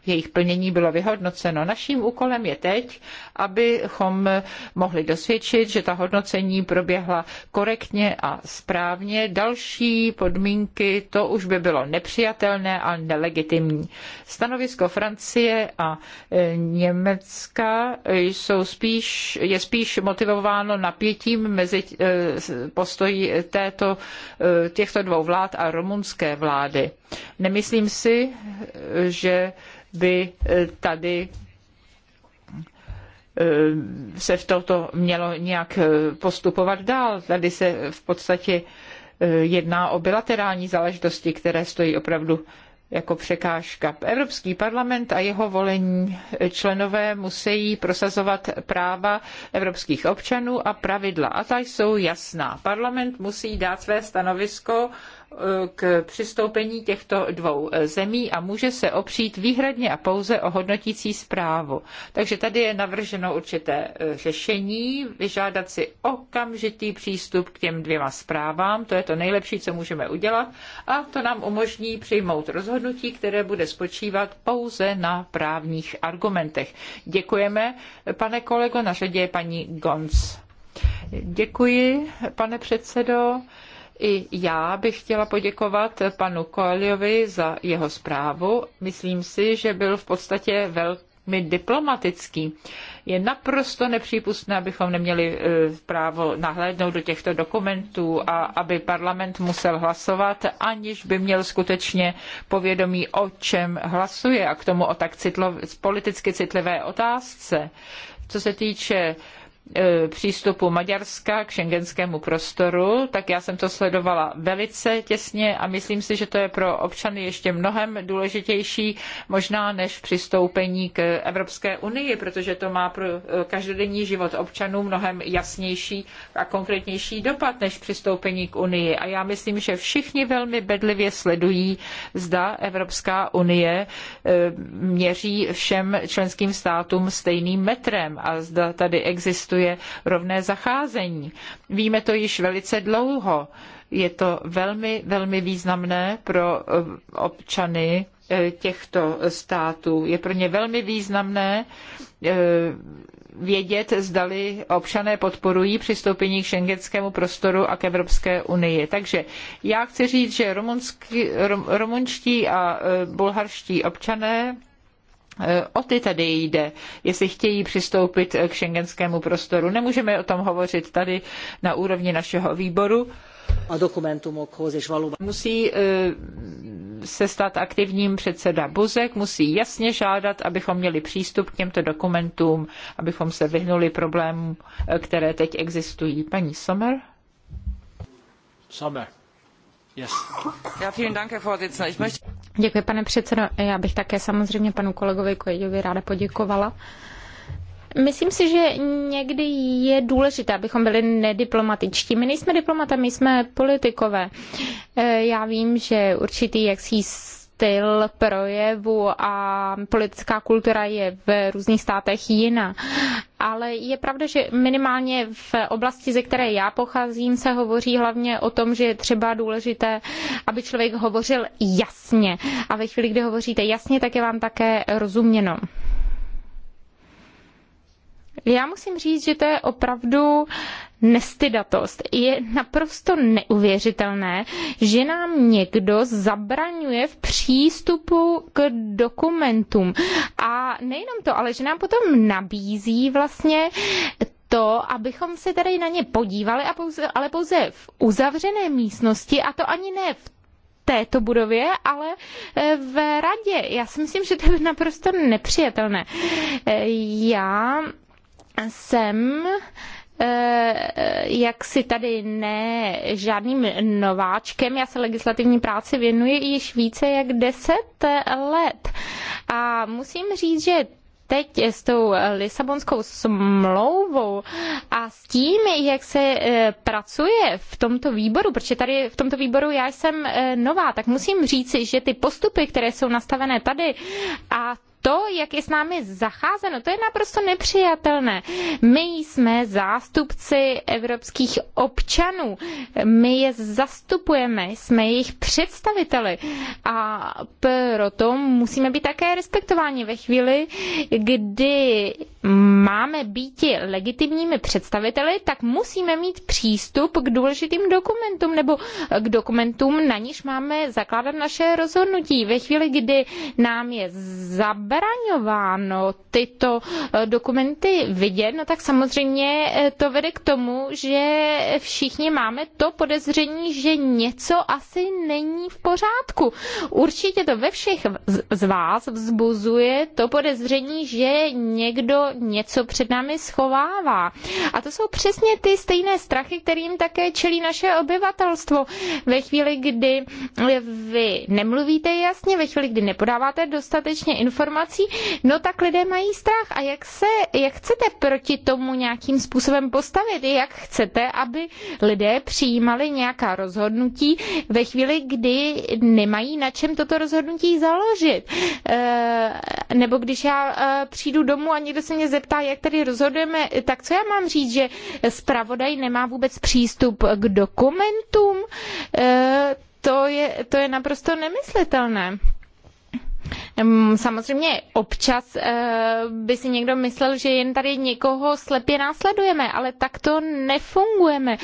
jejich plnění bylo vyhodnoceno. Naším úkolem je teď, abychom mohli dosvědčit, že ta hodnocení proběhla korektně a správně. Další podmínky, to už by bylo nepřijatelné a nelegitimní. Stanovisko Francie a e, Německa jsou spíš, je spíš motivováno napětím mezi e, postoji této, e, těchto dvou vlád a rumunské vlády. Nemyslím si, že by eh, tady eh, se v tomto mělo nějak eh, postupovat dál. Tady se v podstatě jedná o bilaterální záležitosti, které stojí opravdu jako překážka. Evropský parlament a jeho volení členové musí prosazovat práva evropských občanů a pravidla. A ta jsou jasná. Parlament musí dát své stanovisko k přistoupení těchto dvou eh, zemí a může se opřít výhradně a pouze o hodnotící zprávu. Takže tady je navrženo určité eh, řešení, vyžádat si okamžitý přístup k těm dvěma zprávám, to je to nejlepší, co můžeme udělat a to nám umožní přijmout rozhodnutí, které bude spočívat pouze na právních argumentech. Děkujeme, pane kolego, na řadě je paní Gons. Děkuji, pane předsedo. I já bych chtěla poděkovat panu Koaliovi za jeho zprávu. Myslím si, že byl v podstatě velmi diplomatický. Je naprosto nepřípustné, abychom neměli e, právo nahlédnout do těchto dokumentů a aby parlament musel hlasovat, aniž by měl skutečně povědomí, o čem hlasuje a k tomu o tak citlo, politicky citlivé otázce. Co se týče E, přístupu Maďarska k šengenskému prostoru, tak já jsem to sledovala velice těsně a myslím si, že to je pro občany ještě mnohem důležitější možná než přistoupení k Evropské unii, protože to má pro e, každodenní život občanů mnohem jasnější a konkrétnější dopad než přistoupení k unii. A já myslím, že všichni velmi bedlivě sledují, zda Evropská unie e, měří všem členským státům stejným metrem a zda tady existuje existuje rovné zacházení. Víme to již velice dlouho. Je to velmi, velmi významné pro eh, občany eh, těchto států. Je pro ně velmi významné eh, vědět, zdali občané podporují přistoupení k šengenskému prostoru a k Evropské unii. Takže já chci říct, že rumunští a bulharští občané O ty tady jde, jestli chtějí přistoupit k šengenskému prostoru. Nemůžeme o tom hovořit tady na úrovni našeho výboru. A dokumentum o valóban. Musí e, se stát aktivním předseda Buzek, musí jasně žádat, abychom měli přístup k těmto dokumentům, abychom se vyhnuli problémům, e, které teď existují. Paní Sommer? Sommer. Děkuji, pane předsedo. Já bych také samozřejmě panu kolegovi Kojeďovi ráda poděkovala. Myslím si, že někdy je důležité, abychom byli nediplomatičtí. My nejsme diplomata, my jsme politikové. E, já vím, že určitý jaksi styl projevu a politická kultura je v různých státech jiná. Ale je pravda, že minimálně v oblasti, ze které já pocházím, se hovoří hlavně o tom, že je třeba důležité, aby člověk hovořil jasně. A ve chvíli, kdy hovoříte jasně, tak je vám také rozuměno. Já musím říct, že to je opravdu nestydatost. Je naprosto neuvěřitelné, že nám někdo zabraňuje v přístupu k dokumentům. A nejenom to, ale že nám potom nabízí vlastně to, abychom se tady na ně podívali, a pouze, ale pouze v uzavřené místnosti, a to ani ne v této budově, ale e, v radě. Já si myslím, že to je naprosto nepřijatelné. E, já jsem eh, jak si tady ne žádným nováčkem, já se legislativní práci věnuji již více jak deset let. A musím říct, že teď s tou Lisabonskou smlouvou a s tím, jak se eh, pracuje v tomto výboru, protože tady v tomto výboru já jsem eh, nová, tak musím říci, že ty postupy, které jsou nastavené tady a to, jak je s námi zacházeno, to je naprosto nepřijatelné. My jsme zástupci evropských občanů, my je zastupujeme, jsme jejich představiteli a proto musíme být také respektováni ve chvíli, kdy máme být legitimními představiteli, tak musíme mít přístup k důležitým dokumentům nebo k dokumentům, na níž máme zakládat naše rozhodnutí. Ve chvíli, kdy nám je zab zabraňováno tyto e, dokumenty vidět, no tak samozřejmě e, to vede k tomu, že všichni máme to podezření, že něco asi není v pořádku. Určitě to ve všech z vás vzbuzuje to podezření, že někdo něco před námi schovává. A to jsou přesně ty stejné strachy, kterým také čelí naše obyvatelstvo. Ve chvíli, kdy vy nemluvíte jasně, ve chvíli, kdy nepodáváte dostatečně informace, očkovací, no tak lidé mají strach. A jak, se, jak chcete proti tomu nějakým způsobem postavit? Jak chcete, aby lidé přijímali nějaká rozhodnutí ve chvíli, kdy nemají na čem toto rozhodnutí založit? E, nebo když já e, přijdu domů a někdo se mě zeptá, jak tady rozhodujeme, tak co já mám říct, že zpravodaj nemá vůbec přístup k dokumentům? E, to je, to je naprosto nemyslitelné. Samozřejmě občas eh, by si někdo myslel, že jen tady někoho slepě následujeme, ale tak to nefungujeme.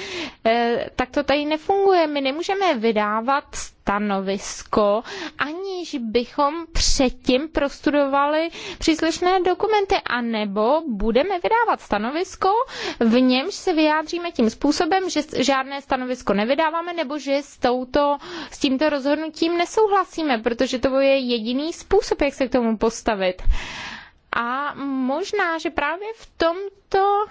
Eh, tak to tady nefunguje. My nemůžeme vydávat stanovisko, aniž bychom předtím prostudovali příslušné dokumenty, anebo budeme vydávat stanovisko, v němž se vyjádříme tím způsobem, že žádné stanovisko nevydáváme, nebo že s, touto, s tímto rozhodnutím nesouhlasíme, protože to je jediný způsob, jak se k tomu postavit. A možná, že právě v tomto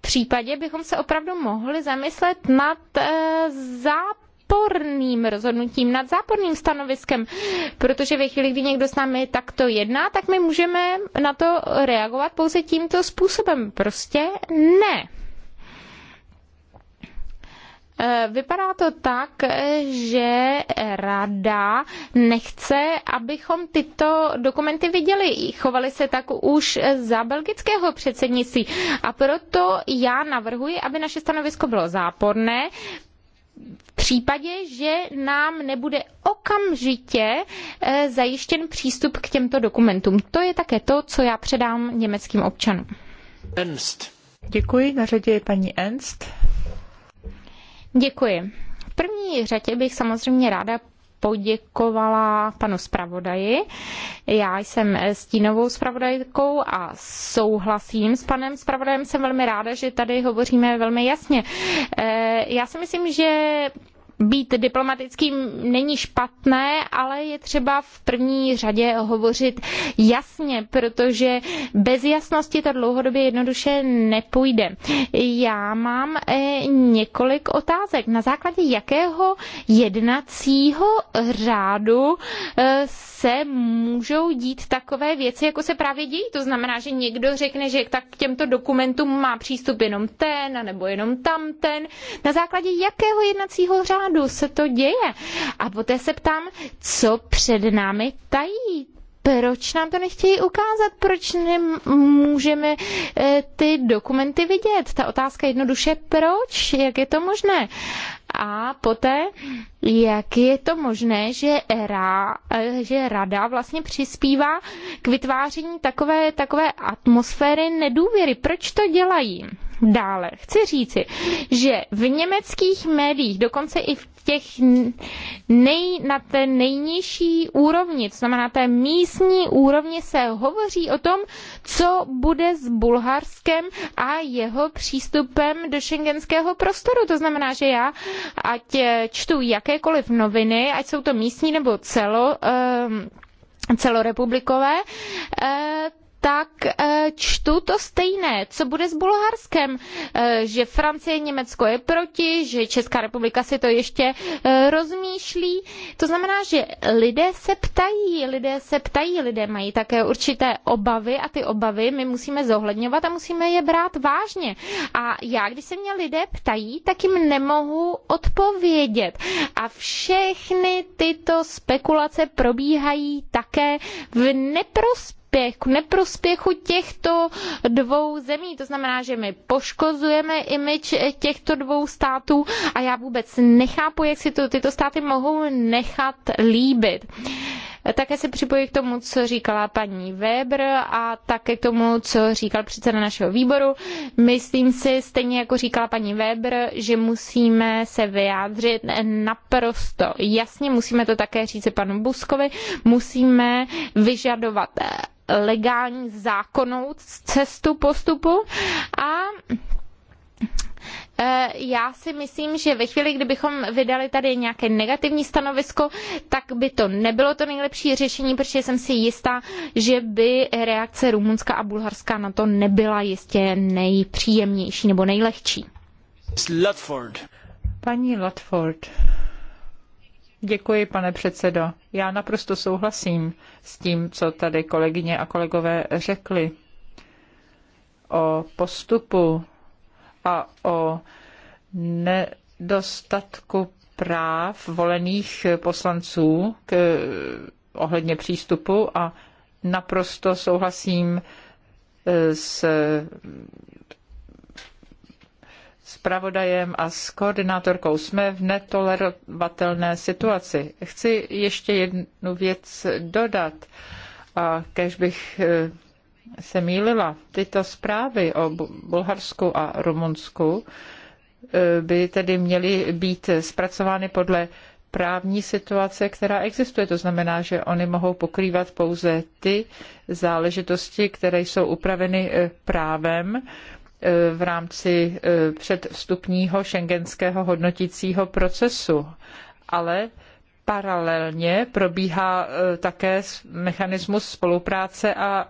případě bychom se opravdu mohli zamyslet nad e, záporným rozhodnutím, nad záporným stanoviskem, protože ve chvíli, kdy někdo s námi takto jedná, tak my můžeme na to reagovat pouze tímto způsobem. Prostě ne. E, vypadá to tak, že rada nechce, abychom tyto dokumenty viděli. Chovali se tak už za belgického předsednictví. A proto já navrhuji, aby naše stanovisko bylo záporné, v případě, že nám nebude okamžitě eh, zajištěn přístup k těmto dokumentům. To je také to, co já předám německým občanům. Ernst. Děkuji, na řadě je paní Ernst. Děkuji. V první řadě bych samozřejmě ráda poděkovala panu zpravodaji. Já jsem stínovou zpravodajkou a souhlasím s panem zpravodajem. Jsem velmi ráda, že tady hovoříme velmi jasně. Eh, já si myslím, že být diplomatickým není špatné, ale je třeba v první řadě hovořit jasně, protože bez jasnosti to dlouhodobě jednoduše nepůjde. Já mám eh, několik otázek. Na základě jakého jednacího řádu eh, se můžou dít takové věci, jako se právě dějí. To znamená, že někdo řekne, že tak k těmto dokumentům má přístup jenom ten, nebo jenom tamten. Na základě jakého jednacího řádu? opravdu se to děje. A poté se ptám, co před námi tají proč nám to nechtějí ukázat, proč nemůžeme eh, ty dokumenty vidět. Ta otázka je jednoduše, proč, jak je to možné. A poté, jak je to možné, že, ra, eh, že rada vlastně přispívá k vytváření takové, takové atmosféry nedůvěry. Proč to dělají? dále. Chci říci, že v německých médiích, dokonce i v těch nej, na té nejnižší úrovni, to znamená na té místní úrovni, se hovoří o tom, co bude s Bulharskem a jeho přístupem do šengenského prostoru. To znamená, že já, ať eh, čtu jakékoliv noviny, ať jsou to místní nebo celo, um, celorepublikové, eh, tak eh, čtu to stejné. Co bude s Bulharskem? Eh, že Francie, Německo je proti, že Česká republika si to ještě eh, rozmýšlí. To znamená, že lidé se ptají, lidé se ptají, lidé mají také určité obavy a ty obavy my musíme zohledňovat a musíme je brát vážně. A já, když se mě lidé ptají, tak jim nemohu odpovědět. A všechny tyto spekulace probíhají také v neprospěch k neprospěchu těchto dvou zemí. To znamená, že my poškozujeme imič těchto dvou států a já vůbec nechápu, jak si to tyto státy mohou nechat líbit. Také se připojí k tomu, co říkala paní Weber a také k tomu, co říkal předseda našeho výboru. Myslím si, stejně jako říkala paní Weber, že musíme se vyjádřit naprosto jasně, musíme to také říct panu Buskovi, musíme vyžadovat eh, legální zákonnou cestu postupu a Eh, já si myslím, že ve chvíli, kdybychom vydali tady nějaké negativní stanovisko, tak by to nebylo to nejlepší řešení, protože jsem si jistá, že by reakce Rumunska a Bulharska na to nebyla jistě nejpříjemnější nebo nejlehčí. Ludford. Paní Ludford. Děkuji, pane předsedo. Já naprosto souhlasím s tím, co tady kolegyně a kolegové řekli o postupu a o nedostatku práv volených poslanců k, eh, ohledně přístupu a naprosto souhlasím eh, s zpravodajem a s koordinátorkou. Jsme v netolerovatelné situaci. Chci ještě jednu věc dodat a kež bych eh, se mýlila. Tyto zprávy o Bulharsku a Rumunsku e, by tedy měly být zpracovány podle právní situace, která existuje. To znamená, že oni mohou pokrývat pouze ty záležitosti, které jsou upraveny e, právem e, v rámci předvstupního šengenského hodnotícího procesu. Ale paralelně probíhá eh, také mechanismus spolupráce a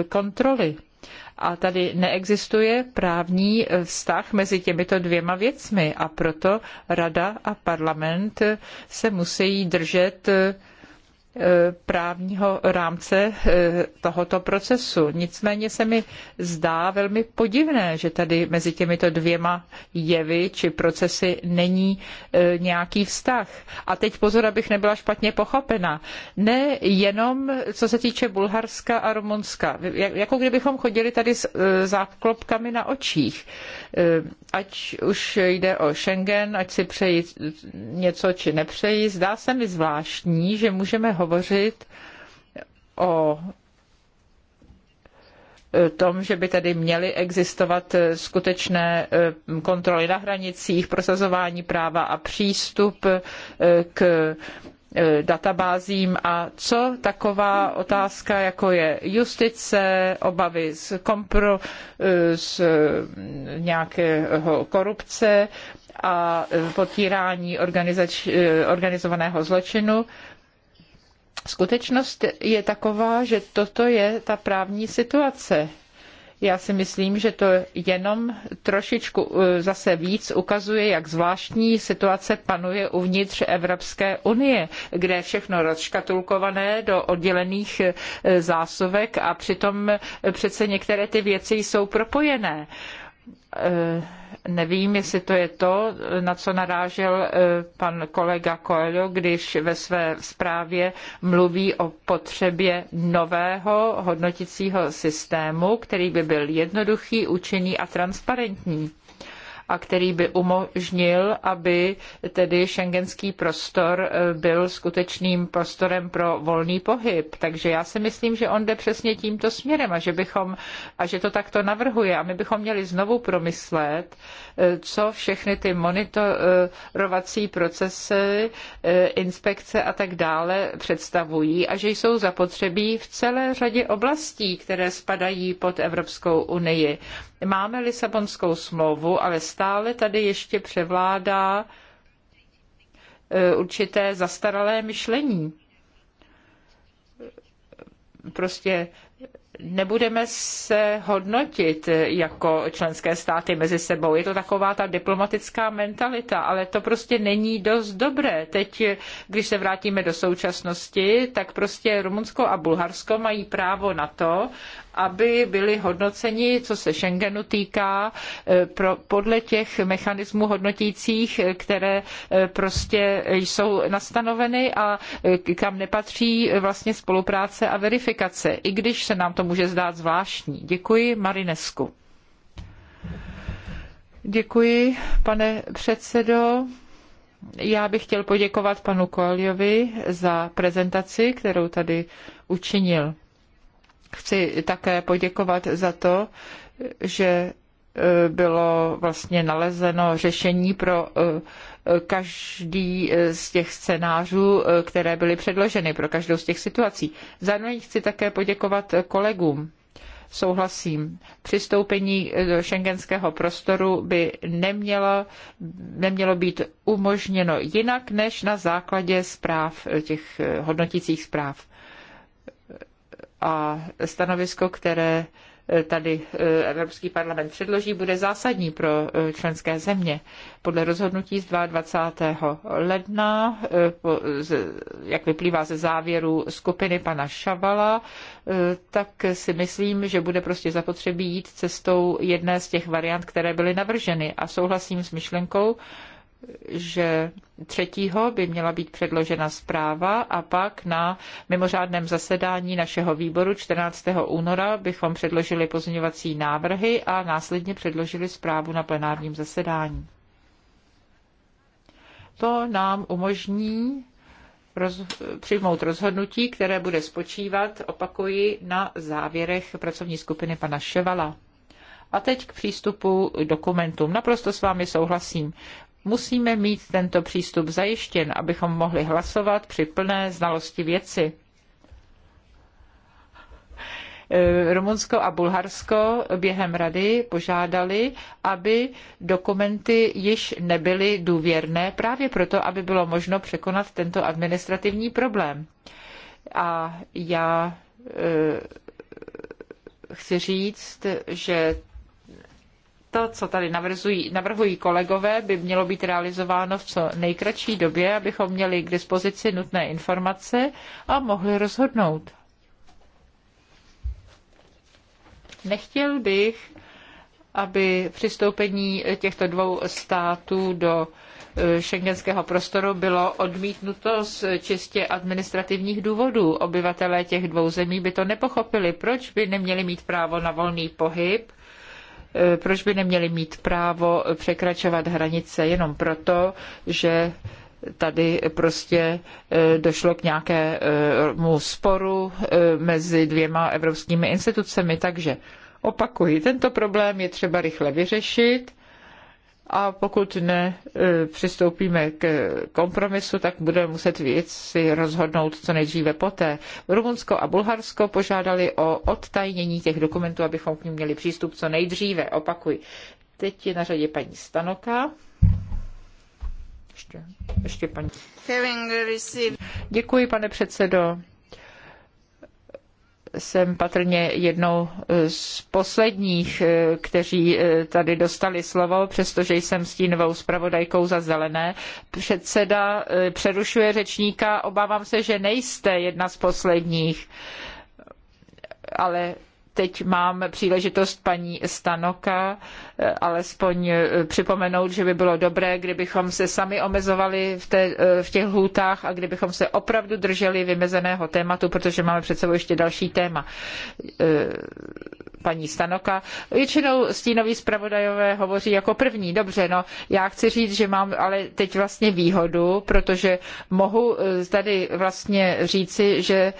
eh, kontroly. A tady neexistuje právní eh, vztah mezi těmito dvěma věcmi a proto Rada a parlament se musí držet právního rámce eh, tohoto procesu. Nicméně se mi zdá velmi podivné, že tady mezi těmito dvěma jevy či procesy není eh, nějaký vztah. A teď pozor, abych nebyla špatně pochopena. Ne jenom co se týče Bulharska a Rumunska. Jako kdybychom chodili tady s eh, záklopkami na očích. Ať už jde o Schengen, ať si přeji něco či nepřeji, zdá se mi zvláštní, že můžeme hovořit hovořit o tom, že by tady měly existovat skutečné eh, kontroly na hranicích, prosazování práva a přístup eh, k eh, databázím a co taková otázka, jako je justice, obavy z, kompro, z nějakého korupce a potírání organizovaného zločinu, Skutečnost je taková, že toto je ta právní situace. Já si myslím, že to jenom trošičku eh, zase víc ukazuje, jak zvláštní situace panuje uvnitř Evropské unie, kde je všechno rozškatulkované do oddělených eh, zásuvek a přitom eh, přece některé ty věci jsou propojené. Eh, nevím, jestli to je to, na co narážel eh, pan kolega Coelho, když ve své zprávě mluví o potřebě nového hodnoticího systému, který by byl jednoduchý, účinný a transparentní a který by umožnil, aby tedy šengenský prostor eh, byl skutečným prostorem pro volný pohyb. Takže já si myslím, že on jde přesně tímto směrem a že, bychom, a že to takto navrhuje. A my bychom měli znovu promyslet, eh, co všechny ty monitorovací procesy, eh, inspekce a tak dále představují a že jsou zapotřebí v celé řadě oblastí, které spadají pod Evropskou unii. Máme Lisabonskou smlouvu, ale stále tady ještě převládá e, určité zastaralé myšlení. Prostě nebudeme se hodnotit jako členské státy mezi sebou. Je to taková ta diplomatická mentalita, ale to prostě není dost dobré. Teď, když se vrátíme do současnosti, tak prostě Rumunsko a Bulharsko mají právo na to, aby byli hodnoceni, co se Schengenu týká, eh, pro, podle těch mechanismů hodnotících, které eh, prostě jsou nastanoveny a eh, kam nepatří vlastně spolupráce a verifikace, i když se nám to může zdát zvláštní. Děkuji Marinesku. Děkuji, pane předsedo. Já bych chtěl poděkovat panu Koaljovi za prezentaci, kterou tady učinil. Chci také poděkovat za to, že e, bylo vlastně nalezeno řešení pro e, každý e, z těch scénářů, které byly předloženy, pro každou z těch situací. Zároveň chci také poděkovat kolegům. Souhlasím. Přistoupení do šengenského prostoru by nemělo, nemělo být umožněno jinak než na základě zpráv, těch hodnotících zpráv a stanovisko, které eh, tady eh, Evropský parlament předloží, bude zásadní pro eh, členské země. Podle rozhodnutí z 22. ledna, jak vyplývá ze závěru skupiny pana Šavala, tak si myslím, že bude prostě zapotřebí jít cestou jedné z těch variant, které byly navrženy. A souhlasím s myšlenkou, že třetího by měla být předložena zpráva a pak na mimořádném zasedání našeho výboru 14. února bychom předložili pozměňovací návrhy a následně předložili zprávu na plenárním zasedání. To nám umožní roz, přijmout rozhodnutí, které bude spočívat, opakuji, na závěrech pracovní skupiny pana Ševala. A teď k přístupu k dokumentům. Naprosto s vámi souhlasím. Musíme mít tento přístup zajištěn, abychom mohli hlasovat při plné znalosti věci. E, Rumunsko a Bulharsko během rady požádali, aby dokumenty již nebyly důvěrné, právě proto, aby bylo možno překonat tento administrativní problém. A já e, chci říct, že to, co tady navrzují, navrhují kolegové, by mělo být realizováno v co nejkratší době, abychom měli k dispozici nutné informace a mohli rozhodnout. Nechtěl bych, aby přistoupení těchto dvou států do šengenského eh, prostoru bylo odmítnuto z čistě administrativních důvodů. Obyvatelé těch dvou zemí by to nepochopili, proč by neměli mít právo na volný pohyb Eh, proč by neměli mít právo překračovat hranice jenom proto, že tady prostě eh, došlo k nějakému sporu eh, mezi dvěma evropskými institucemi. Takže opakuji, tento problém je třeba rychle vyřešit a pokud ne e, přistoupíme k kompromisu, tak budeme muset věci rozhodnout co nejdříve poté. Rumunsko a Bulharsko požádali o odtajnění těch dokumentů, abychom k ním měli přístup co nejdříve. Opakuj. Teď je na řadě paní Stanoka. Ještě, ještě paní. Děkuji, pane předsedo jsem patrně jednou z posledních, eh, kteří eh, tady dostali slovo, přestože jsem stínovou zpravodajkou za zelené. Předseda eh, přerušuje řečníka, obávám se, že nejste jedna z posledních ale teď mám příležitost paní Stanoka eh, alespoň eh, připomenout, že by bylo dobré, kdybychom se sami omezovali v, té, eh, v těch hůtách a kdybychom se opravdu drželi vymezeného tématu, protože máme před sebou ještě další téma. Paní Stanoka. Většinou stínoví zpravodajové hovoří jako první. Dobře, no já chci říct, že mám ale teď vlastně výhodu, protože mohu tady vlastně říci, že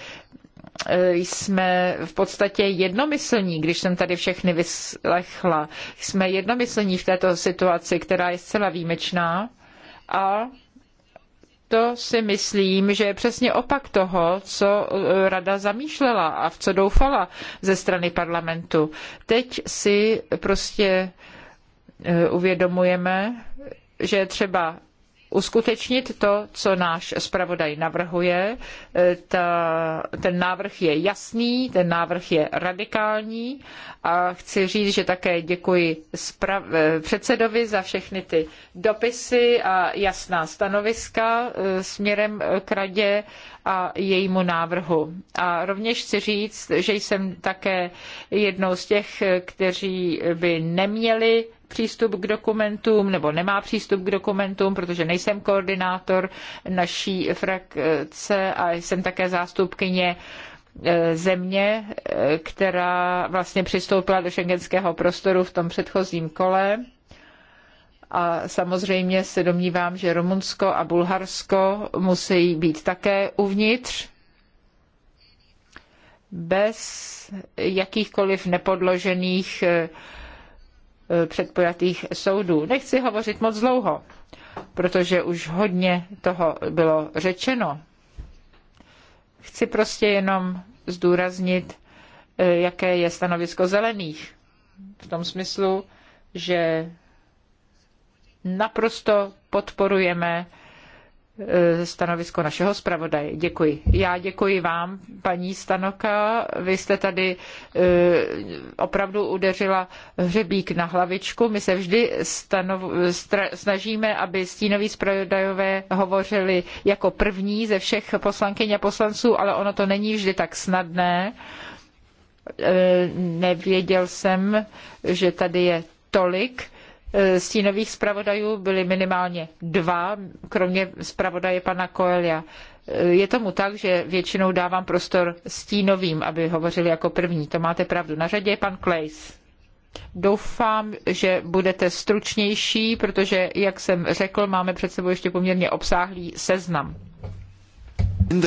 Eh, jsme v podstatě jednomyslní, když jsem tady všechny vyslechla. Jsme jednomyslní v této situaci, která je zcela výjimečná a to si myslím, že je přesně opak toho, co eh, rada zamýšlela a v co doufala ze strany parlamentu. Teď si prostě eh, uvědomujeme, že je třeba uskutečnit to, co náš zpravodaj navrhuje. E, ta, ten návrh je jasný, ten návrh je radikální a chci říct, že také děkuji zprav, e, předsedovi za všechny ty dopisy a jasná stanoviska e, směrem k radě a jejímu návrhu. A rovněž chci říct, že jsem také jednou z těch, kteří by neměli přístup k dokumentům nebo nemá přístup k dokumentům, protože nejsem koordinátor naší frakce a jsem také zástupkyně e, země, e, která vlastně přistoupila do šengenského prostoru v tom předchozím kole. A samozřejmě se domnívám, že Rumunsko a Bulharsko musí být také uvnitř bez jakýchkoliv nepodložených e, Eh, předpojatých soudů. Nechci hovořit moc dlouho, protože už hodně toho bylo řečeno. Chci prostě jenom zdůraznit, eh, jaké je stanovisko zelených. V tom smyslu, že naprosto podporujeme Eh, stanovisko našeho zpravodaje. Děkuji. Já děkuji vám, paní Stanoka. Vy jste tady eh, opravdu udeřila hřebík na hlavičku. My se vždy stanov, snažíme, aby stínoví zpravodajové hovořili jako první ze všech poslankyň a poslanců, ale ono to není vždy tak snadné. Eh, nevěděl jsem, že tady je tolik Eh, stínových zpravodajů byli minimálně dva, kromě zpravodaje pana Koelia. Eh, je tomu tak, že většinou dávám prostor stínovým, aby hovořili jako první. To máte pravdu. Na řadě je pan Klejs. Doufám, že budete stručnější, protože, jak jsem řekl, máme před sebou ještě poměrně obsáhlý seznam. Eh,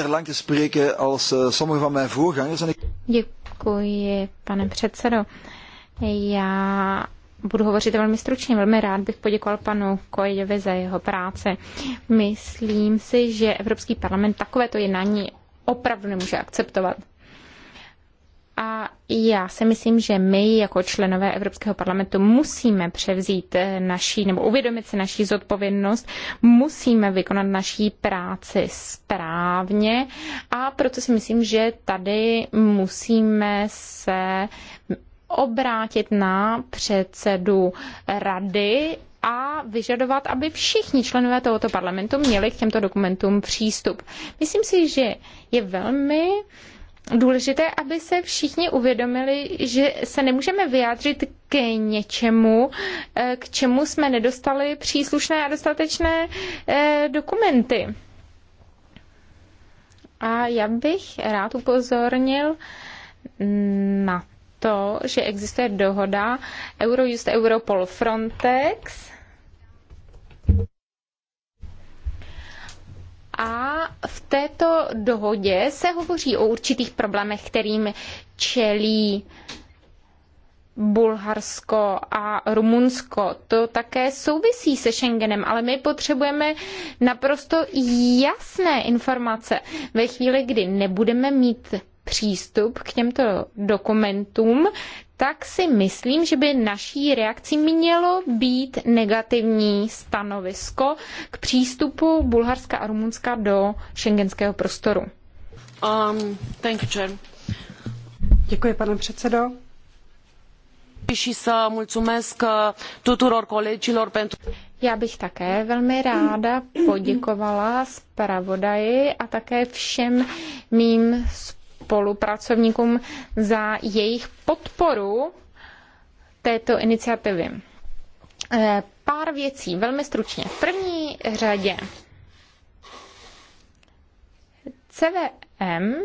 Děkuji, pane předsedo. Já budu hovořit velmi stručně. Velmi rád bych poděkoval panu Kojevi za jeho práci. Myslím si, že Evropský parlament takovéto jednání opravdu nemůže akceptovat. A já si myslím, že my jako členové Evropského parlamentu musíme převzít eh, naší, nebo uvědomit si naší zodpovědnost, musíme vykonat naší práci správně a proto si myslím, že tady musíme se obrátit na předsedu rady a vyžadovat, aby všichni členové tohoto parlamentu měli k těmto dokumentům přístup. Myslím si, že je velmi důležité, aby se všichni uvědomili, že se nemůžeme vyjádřit k něčemu, eh, k čemu jsme nedostali příslušné a dostatečné eh, dokumenty. A já bych rád upozornil na to, že existuje dohoda Eurojust, Europol, Frontex a v této dohodě se hovoří o určitých problémech, kterým čelí Bulharsko a Rumunsko. To také souvisí se Schengenem, ale my potřebujeme naprosto jasné informace. Ve chvíli, kdy nebudeme mít přístup k těmto dokumentům, tak si myslím, že by naší reakcí mělo být negativní stanovisko k přístupu Bulharska a Rumunska do šengenského prostoru. Um, thank you, Chair. Děkuji, pane předsedo. Și să mulțumesc uh, tuturor colegilor pentru... Já bych také velmi ráda poděkovala zpravodaji a také všem mým společným spolupracovníkům za jejich podporu této iniciativy. Eh, pár věcí, velmi stručně. V první řadě CVM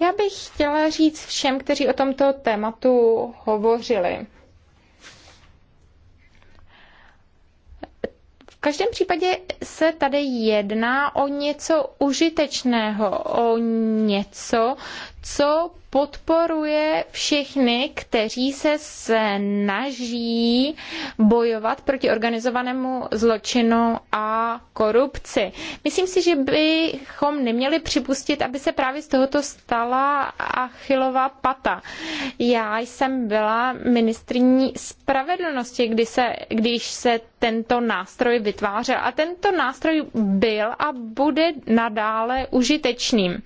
Já bych chtěla říct všem, kteří o tomto tématu hovořili. každém případě se tady jedná o něco užitečného, o něco, co podporuje všechny, kteří se snaží bojovat proti organizovanému zločinu a korupci. Myslím si, že bychom neměli připustit, aby se právě z tohoto stala Achilova pata. Já jsem byla ministrní spravedlnosti, kdy se, když se tento nástroj vytvářel. A tento nástroj byl a bude nadále užitečným.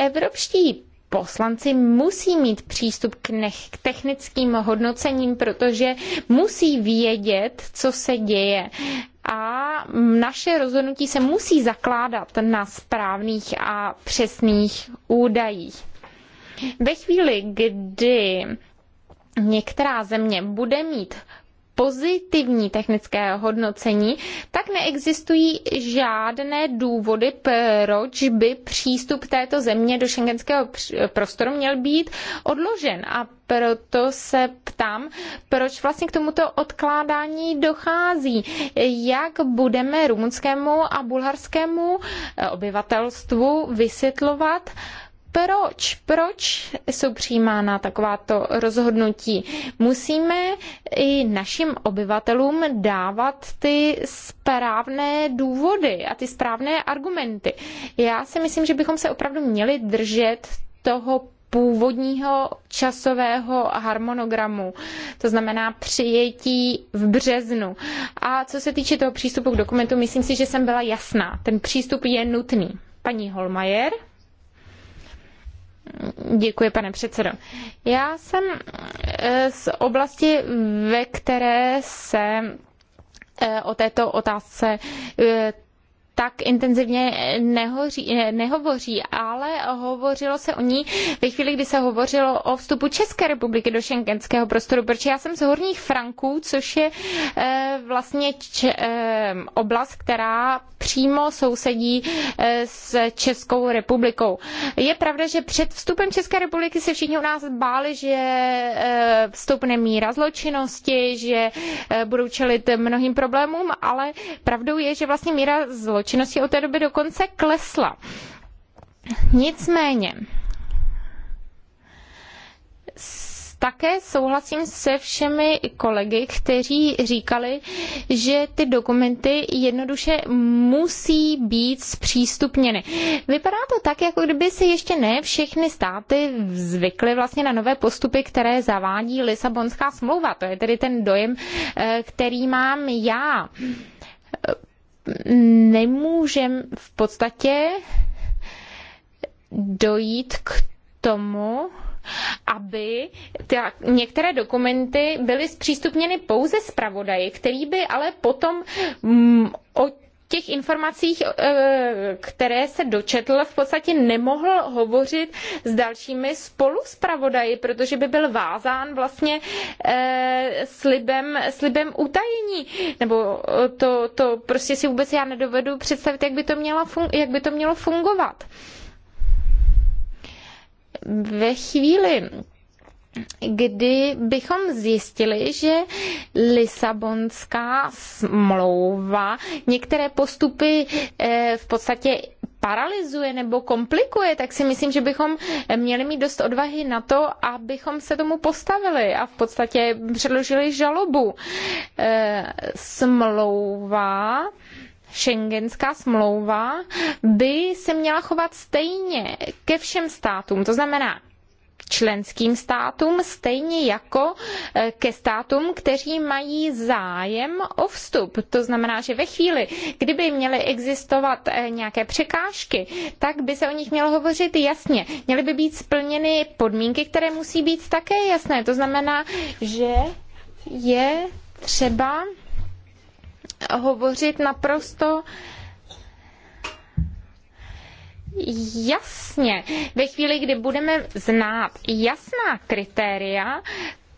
Evropští poslanci musí mít přístup k, nech, k technickým hodnocením, protože musí vědět, co se děje a naše rozhodnutí se musí zakládat na správných a přesných údajích. Ve chvíli, kdy některá země bude mít pozitivní technické hodnocení, tak neexistují žádné důvody, proč by přístup této země do šengenského prostoru měl být odložen. A proto se ptám, proč vlastně k tomuto odkládání dochází. Jak budeme rumunskému a bulharskému eh, obyvatelstvu vysvětlovat, proč, proč jsou přijímána takováto rozhodnutí. Musíme i našim obyvatelům dávat ty správné důvody a ty správné argumenty. Já si myslím, že bychom se opravdu měli držet toho původního časového harmonogramu, to znamená přijetí v březnu. A co se týče toho přístupu k dokumentu, myslím si, že jsem byla jasná. Ten přístup je nutný. Paní Holmajer. Děkuji, pane předsedo. Já jsem eh, z oblasti, ve které se eh, o této otázce eh, tak intenzivně nehoří, nehovoří, ale hovořilo se o ní ve chvíli, kdy se hovořilo o vstupu České republiky do šengenského prostoru, protože já jsem z Horních Franků, což je eh, vlastně č, eh, oblast, která přímo sousedí eh, s Českou republikou. Je pravda, že před vstupem České republiky se všichni u nás báli, že vstupne míra zločinnosti, že budou čelit mnohým problémům, ale pravdou je, že vlastně míra zločinnosti touto od té doby dokonce klesla. Nicméně, také souhlasím se všemi kolegy, kteří říkali, že ty dokumenty jednoduše musí být zpřístupněny. Vypadá to tak, jako kdyby se ještě ne všechny státy zvykly vlastně na nové postupy, které zavádí Lisabonská smlouva. To je tedy ten dojem, eh, který mám já nemůžeme v podstatě dojít k tomu, aby ta, některé dokumenty byly zpřístupněny pouze zpravodaji, který by ale potom mm, o těch informacích, eh, které se dočetl, v podstatě nemohl hovořit s dalšími spoluspravodaji, protože by byl vázán vlastně eh, slibem, slibem utajení. Nebo eh, to, to prostě si vůbec já nedovedu představit, jak by to mělo, jak by to mělo fungovat. Ve chvíli, kdy bychom zjistili, že Lisabonská smlouva některé postupy eh, v podstatě paralizuje nebo komplikuje, tak si myslím, že bychom měli mít dost odvahy na to, abychom se tomu postavili a v podstatě předložili žalobu. Eh, smlouva Schengenská smlouva by se měla chovat stejně ke všem státům. To znamená, členským státům, stejně jako eh, ke státům, kteří mají zájem o vstup. To znamená, že ve chvíli, kdyby měly existovat eh, nějaké překážky, tak by se o nich mělo hovořit jasně. Měly by být splněny podmínky, které musí být také jasné. To znamená, že je třeba hovořit naprosto jasně. Ve chvíli, kdy budeme znát jasná kritéria,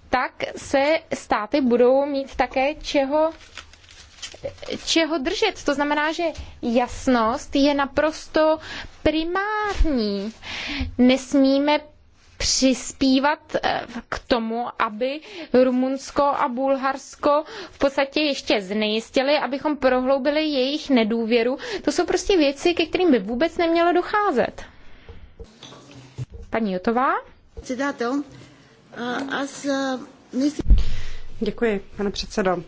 tak se státy budou mít také čeho čeho držet. To znamená, že jasnost je naprosto primární. Nesmíme přispívat eh, k tomu, aby Rumunsko a Bulharsko v podstatě ještě znejistili, abychom prohloubili jejich nedůvěru. To jsou prostě věci, ke kterým by vůbec nemělo docházet. Paní Jotová? Eh, eh, Děkuji, pane předsedo.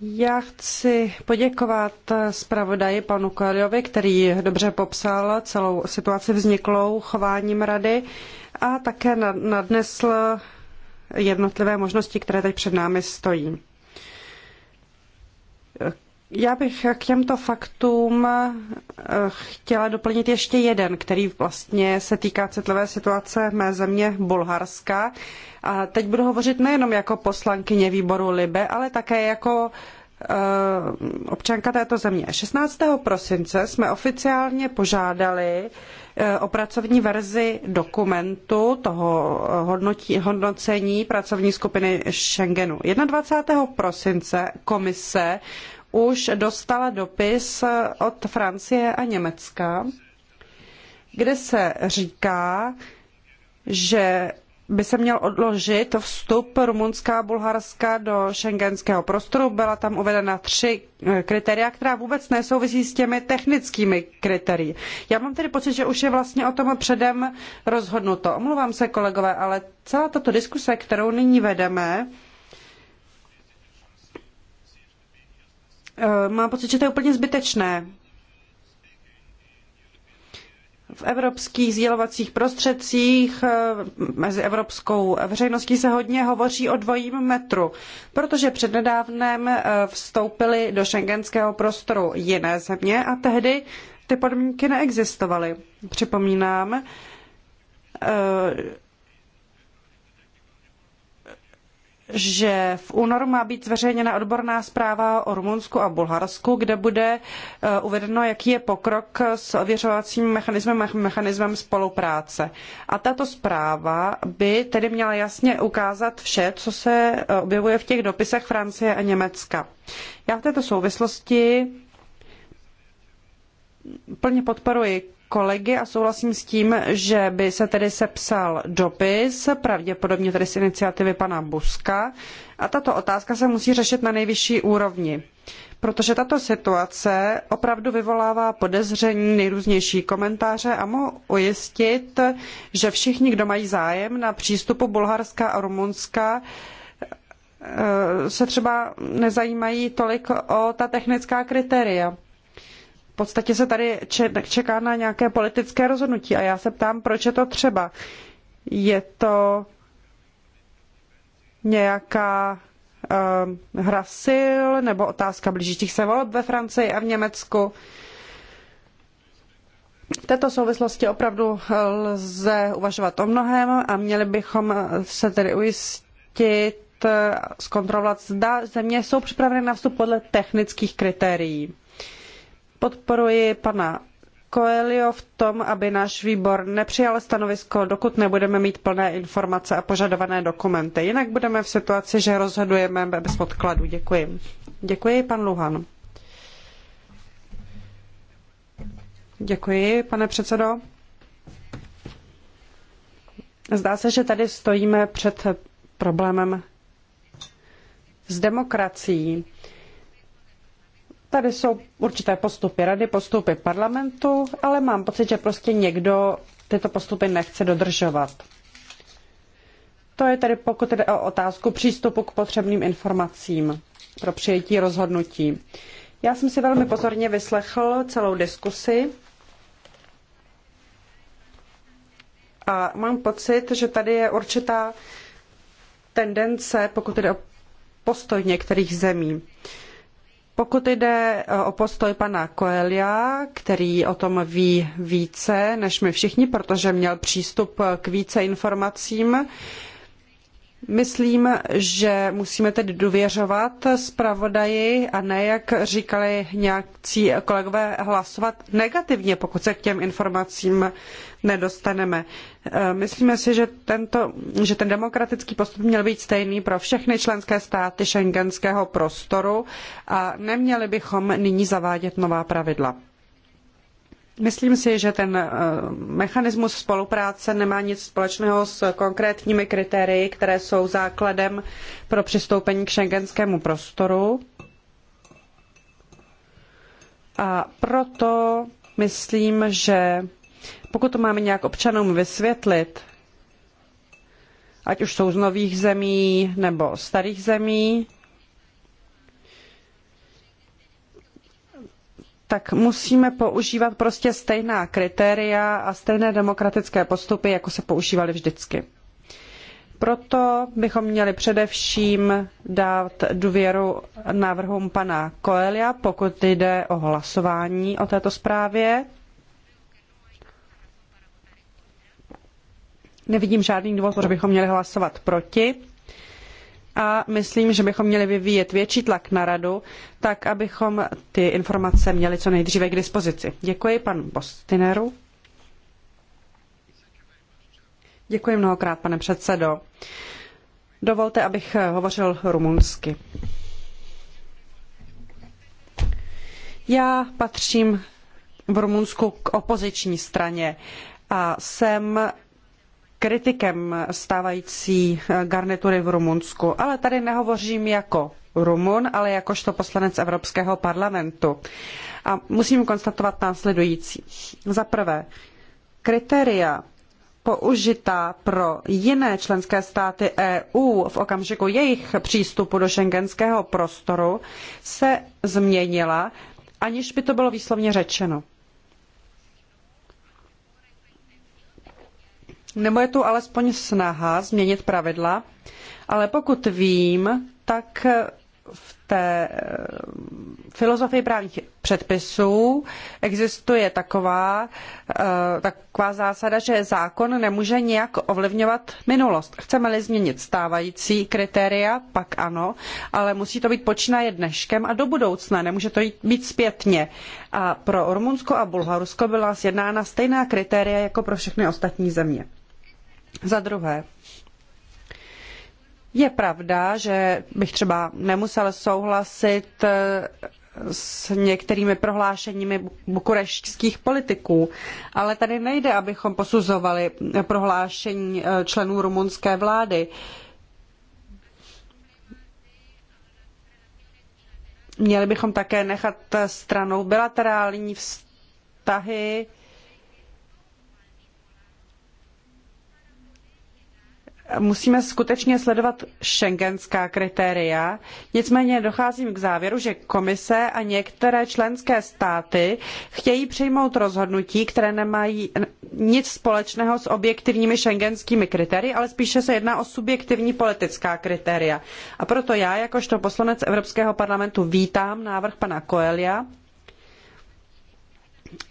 Já chci poděkovat zpravodaji panu Koeliovi, který dobře popsal celou situaci vzniklou chováním rady a také nadnesl jednotlivé možnosti, které teď před námi stojí. Já bych k těmto faktům eh, chtěla doplnit ještě jeden, který vlastně se týká citlivé situace mé země Bulharska. A teď budu hovořit nejenom jako poslankyně výboru Libe, ale také jako eh, občanka této země. 16. prosince jsme oficiálně požádali eh, o pracovní verzi dokumentu toho hodnotí, hodnocení pracovní skupiny Schengenu. 21. prosince komise už dostala dopis od Francie a Německa, kde se říká, že by se měl odložit vstup Rumunska a Bulharska do šengenského prostoru. Byla tam uvedena tři kritéria, která vůbec nesouvisí s těmi technickými kritérii. Já mám tedy pocit, že už je vlastně o tom předem rozhodnuto. Omlouvám se, kolegové, ale celá tato diskuse, kterou nyní vedeme, Eh, mám pocit, že to je úplně zbytečné. V evropských sdělovacích prostředcích eh, mezi evropskou veřejností se hodně hovoří o dvojím metru, protože přednedávnem eh, vstoupily do šengenského prostoru jiné země a tehdy ty podmínky neexistovaly. Připomínám, že v únoru má být zveřejněna odborná zpráva o Rumunsku a Bulharsku, kde bude e, uvedeno, jaký je pokrok s ověřovacím mechanismem a mechanismem spolupráce. A tato zpráva by tedy měla jasně ukázat vše, co se e, objevuje v těch dopisech Francie a Německa. Já v této souvislosti plně podporuji kolegy a souhlasím s tím, že by se tedy sepsal dopis, pravděpodobně tedy z iniciativy pana Buska, a tato otázka se musí řešit na nejvyšší úrovni. Protože tato situace opravdu vyvolává podezření, nejrůznější komentáře a mohu ujistit, že všichni, kdo mají zájem na přístupu Bulharska a Rumunska, eh, se třeba nezajímají tolik o ta technická kritéria podstatě se tady čeká na nějaké politické rozhodnutí a já se ptám, proč je to třeba. Je to nějaká uh, hra sil nebo otázka blížících se voleb ve Francii a v Německu? V této souvislosti opravdu lze uvažovat o mnohem a měli bychom se tedy ujistit, eh, zkontrolovat, zda země jsou připraveny na vstup podle technických kritérií podporuji pana Coelho v tom, aby náš výbor nepřijal stanovisko, dokud nebudeme mít plné informace a požadované dokumenty. Jinak budeme v situaci, že rozhodujeme bez podkladu. Děkuji. Děkuji, pan Luhan. Děkuji, pane předsedo. Zdá se, že tady stojíme před problémem s demokracií. Tady jsou určité postupy rady, postupy parlamentu, ale mám pocit, že prostě někdo tyto postupy nechce dodržovat. To je tedy pokud jde o otázku přístupu k potřebným informacím pro přijetí rozhodnutí. Já jsem si velmi pozorně vyslechl celou diskusi a mám pocit, že tady je určitá tendence, pokud jde o postoj některých zemí. Pokud jde eh, o postoj pana Coelia, který o tom ví více než my všichni, protože měl přístup k více informacím, Myslím, že musíme tedy důvěřovat zpravodaji a ne, jak říkali nějací kolegové, hlasovat negativně, pokud se k těm informacím nedostaneme. Eh, myslíme si, že, tento, že ten demokratický postup měl být stejný pro všechny členské státy šengenského prostoru a neměli bychom nyní zavádět nová pravidla. Myslím si, že ten eh, mechanismus spolupráce nemá nic společného s konkrétními kritérii, které jsou základem pro přistoupení k šengenskému prostoru. A proto myslím, že pokud to máme nějak občanům vysvětlit, ať už jsou z nových zemí nebo starých zemí, tak musíme používat prostě stejná kritéria a stejné demokratické postupy, jako se používaly vždycky. Proto bychom měli především dát důvěru návrhům pana Koelia, pokud jde o hlasování o této zprávě. Nevidím žádný důvod, proč bychom měli hlasovat proti. A myslím, že bychom měli vyvíjet větší tlak na radu, tak abychom ty informace měli co nejdříve k dispozici. Děkuji panu Bostineru. Děkuji mnohokrát, pane předsedo. Dovolte, abych hovořil rumunsky. Já patřím v Rumunsku k opoziční straně a jsem kritikem stávající eh, garnitury v Rumunsku, ale tady nehovořím jako Rumun, ale jakožto poslanec Evropského parlamentu. A musím konstatovat následující. Za prvé, kritéria použitá pro jiné členské státy EU v okamžiku jejich přístupu do šengenského prostoru se změnila, aniž by to bylo výslovně řečeno. nebo je tu alespoň snaha změnit pravidla, ale pokud vím, tak v té eh, filozofii právních předpisů existuje taková, eh, taková zásada, že zákon nemůže nijak ovlivňovat minulost. Chceme-li změnit stávající kritéria, pak ano, ale musí to být počínaje dneškem a do budoucna, nemůže to být zpětně. A pro Rumunsko a Bulharsko byla sjednána stejná kritéria jako pro všechny ostatní země. Za druhé, je pravda, že bych třeba nemusel souhlasit eh, s některými prohlášeními bukurešťských politiků. Ale tady nejde, abychom posuzovali prohlášení eh, členů rumunské vlády. Měli bychom také nechat stranou bilaterální vztahy musíme skutečně sledovat šengenská kritéria. Nicméně docházím k závěru, že komise a některé členské státy chtějí přijmout rozhodnutí, které nemají nic společného s objektivními šengenskými kritérii, ale spíše se jedná o subjektivní politická kritéria. A proto já, jakožto poslanec Evropského parlamentu, vítám návrh pana Coelia,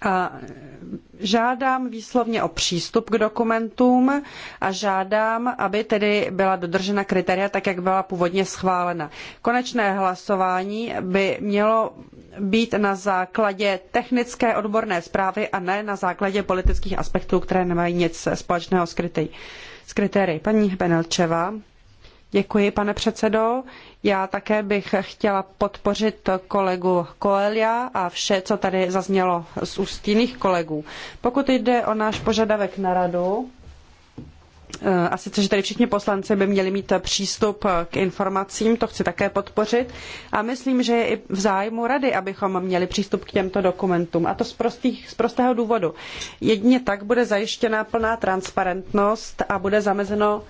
a žádám výslovně o přístup k dokumentům a žádám, aby tedy byla dodržena kritéria tak, jak byla původně schválena. Konečné hlasování by mělo být na základě technické odborné zprávy a ne na základě politických aspektů, které nemají nic společného s kritérii. Paní Benelčeva. Děkuji, pane předsedo. Já také bych chtěla podpořit kolegu Koelia a vše, co tady zaznělo z úst jiných kolegů. Pokud jde o náš požadavek na radu, eh, a sice, že tady všichni poslanci by měli mít přístup k informacím, to chci také podpořit. A myslím, že je i v zájmu rady, abychom měli přístup k těmto dokumentům. A to z, prostých, z prostého důvodu. Jedině tak bude zajištěna plná transparentnost a bude zamezeno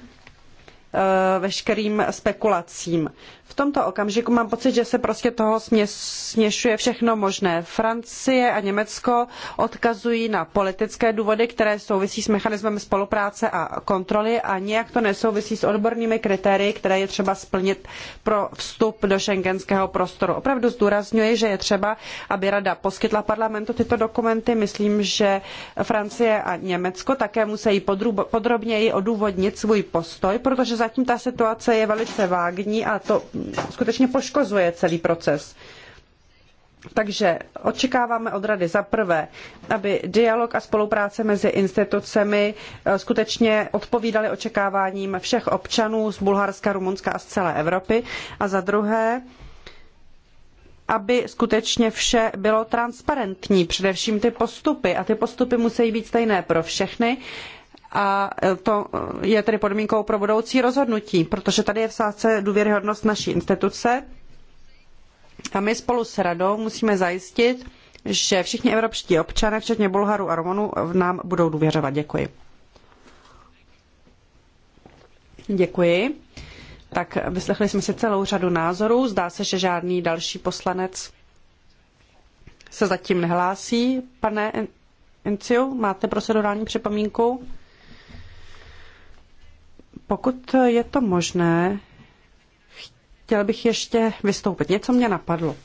Eh, veškerým spekulacím tomto okamžiku mám pocit, že se prostě toho směšuje všechno možné. Francie a Německo odkazují na politické důvody, které souvisí s mechanismem spolupráce a kontroly a nijak to nesouvisí s odbornými kritérii, které je třeba splnit pro vstup do šengenského prostoru. Opravdu zdůrazňuji, že je třeba, aby Rada poskytla parlamentu tyto dokumenty. Myslím, že Francie a Německo také musí podrobněji odůvodnit svůj postoj, protože zatím ta situace je velice vágní a to skutečně poškozuje celý proces. Takže očekáváme od Rady za prvé, aby dialog a spolupráce mezi institucemi eh, skutečně odpovídaly očekáváním všech občanů z Bulharska, Rumunska a z celé Evropy. A za druhé, aby skutečně vše bylo transparentní, především ty postupy. A ty postupy musí být stejné pro všechny a e, to e, je tedy podmínkou pro budoucí rozhodnutí, protože tady je v sázce důvěryhodnost naší instituce a my spolu s radou musíme zajistit, že všichni evropští občané, včetně Bulharů a Romanů, nám budou důvěřovat. Děkuji. Děkuji. Tak vyslechli jsme si celou řadu názorů. Zdá se, že žádný další poslanec se zatím nehlásí. Pane Enciu, máte procedurální připomínku? Pokud je to možné, chtěl bych ještě vystoupit. Něco mě napadlo.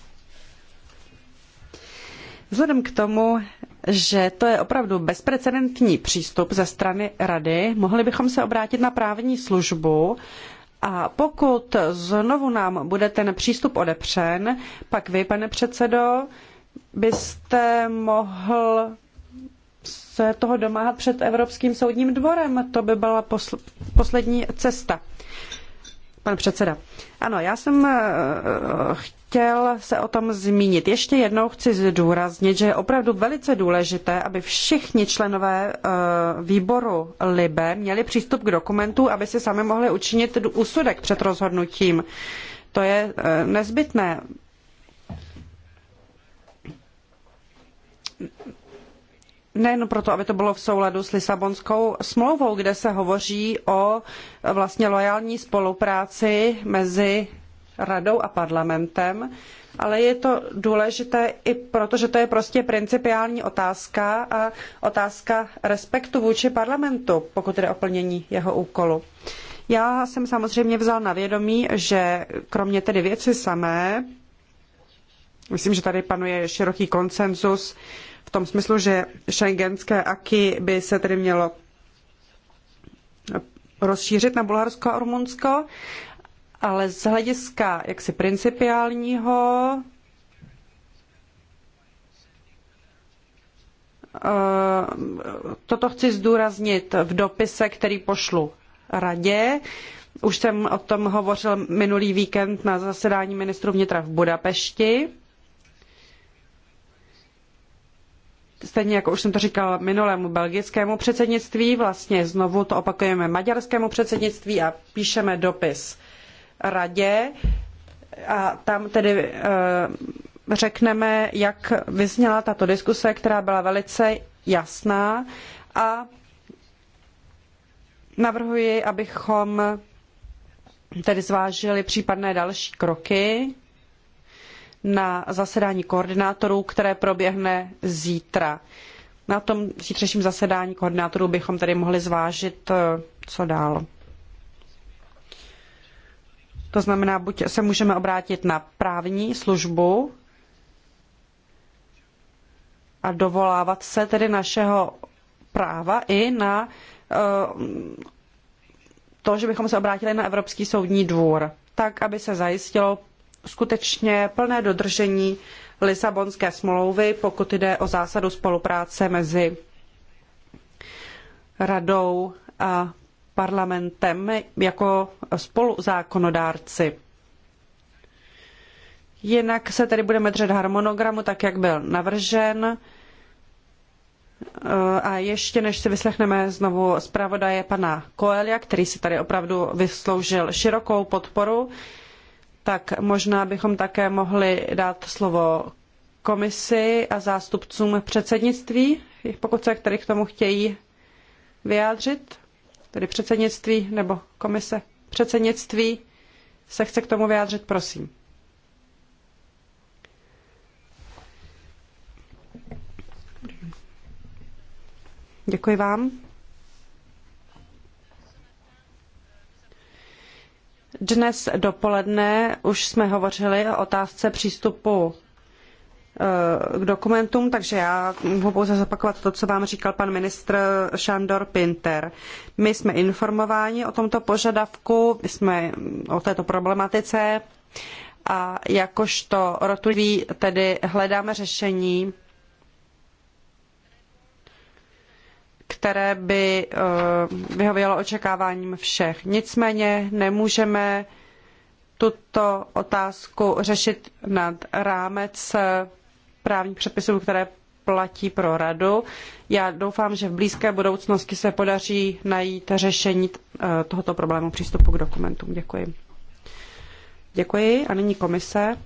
Vzhledem k tomu, že to je opravdu bezprecedentní přístup ze strany Rady, mohli bychom se obrátit na právní službu a pokud znovu nám bude ten přístup odepřen, pak vy, pane předsedo, byste mohl se toho domáhat před Evropským soudním dvorem. To by byla posl poslední cesta. Pan předseda. Ano, já jsem eh, chtěl se o tom zmínit. Ještě jednou chci zdůraznit, že je opravdu velice důležité, aby všichni členové eh, výboru LIBE měli přístup k dokumentu, aby si sami mohli učinit úsudek před rozhodnutím. To je eh, nezbytné nejen proto, aby to bylo v souladu s Lisabonskou smlouvou, kde se hovoří o vlastně lojální spolupráci mezi radou a parlamentem, ale je to důležité i proto, že to je prostě principiální otázka a otázka respektu vůči parlamentu, pokud jde o plnění jeho úkolu. Já jsem samozřejmě vzal na vědomí, že kromě tedy věci samé, myslím, že tady panuje široký konsenzus, v tom smyslu, že šengenské aky by se tedy mělo rozšířit na Bulharsko a Rumunsko, ale z hlediska jaksi principiálního eh, toto chci zdůraznit v dopise, který pošlu radě. Už jsem o tom hovořil minulý víkend na zasedání ministru vnitra v Budapešti. stejně jako už jsem to říkal minulému belgickému předsednictví, vlastně znovu to opakujeme maďarskému předsednictví a píšeme dopis radě a tam tedy eh, řekneme, jak vyzněla tato diskuse, která byla velice jasná a navrhuji, abychom tedy zvážili případné další kroky na zasedání koordinátorů, které proběhne zítra. Na tom zítřejším zasedání koordinátorů bychom tedy mohli zvážit, eh, co dál. To znamená, buď se můžeme obrátit na právní službu a dovolávat se tedy našeho práva i na eh, to, že bychom se obrátili na Evropský soudní dvůr, tak aby se zajistilo skutečně plné dodržení Lisabonské smlouvy, pokud jde o zásadu spolupráce mezi radou a parlamentem jako spoluzákonodárci. Jinak se tedy budeme držet harmonogramu, tak jak byl navržen. A ještě než si vyslechneme znovu zpravodaje pana Koelia, který si tady opravdu vysloužil širokou podporu, tak možná bychom také mohli dát slovo komisi a zástupcům předsednictví, pokud se který k tomu chtějí vyjádřit, tedy předsednictví nebo komise předsednictví se chce k tomu vyjádřit, prosím. Děkuji vám. Dnes dopoledne už jsme hovořili o otázce přístupu eh, k dokumentům, takže já mohu pouze zopakovat to, co vám říkal pan ministr Šandor Pinter. My jsme informováni o tomto požadavku, my jsme o této problematice a jakožto rotují tedy hledáme řešení které by eh, vyhovělo očekáváním všech. Nicméně nemůžeme tuto otázku řešit nad rámec eh, právních předpisů, které platí pro radu. Já doufám, že v blízké budoucnosti se podaří najít řešení eh, tohoto problému přístupu k dokumentům. Děkuji. Děkuji a nyní komise.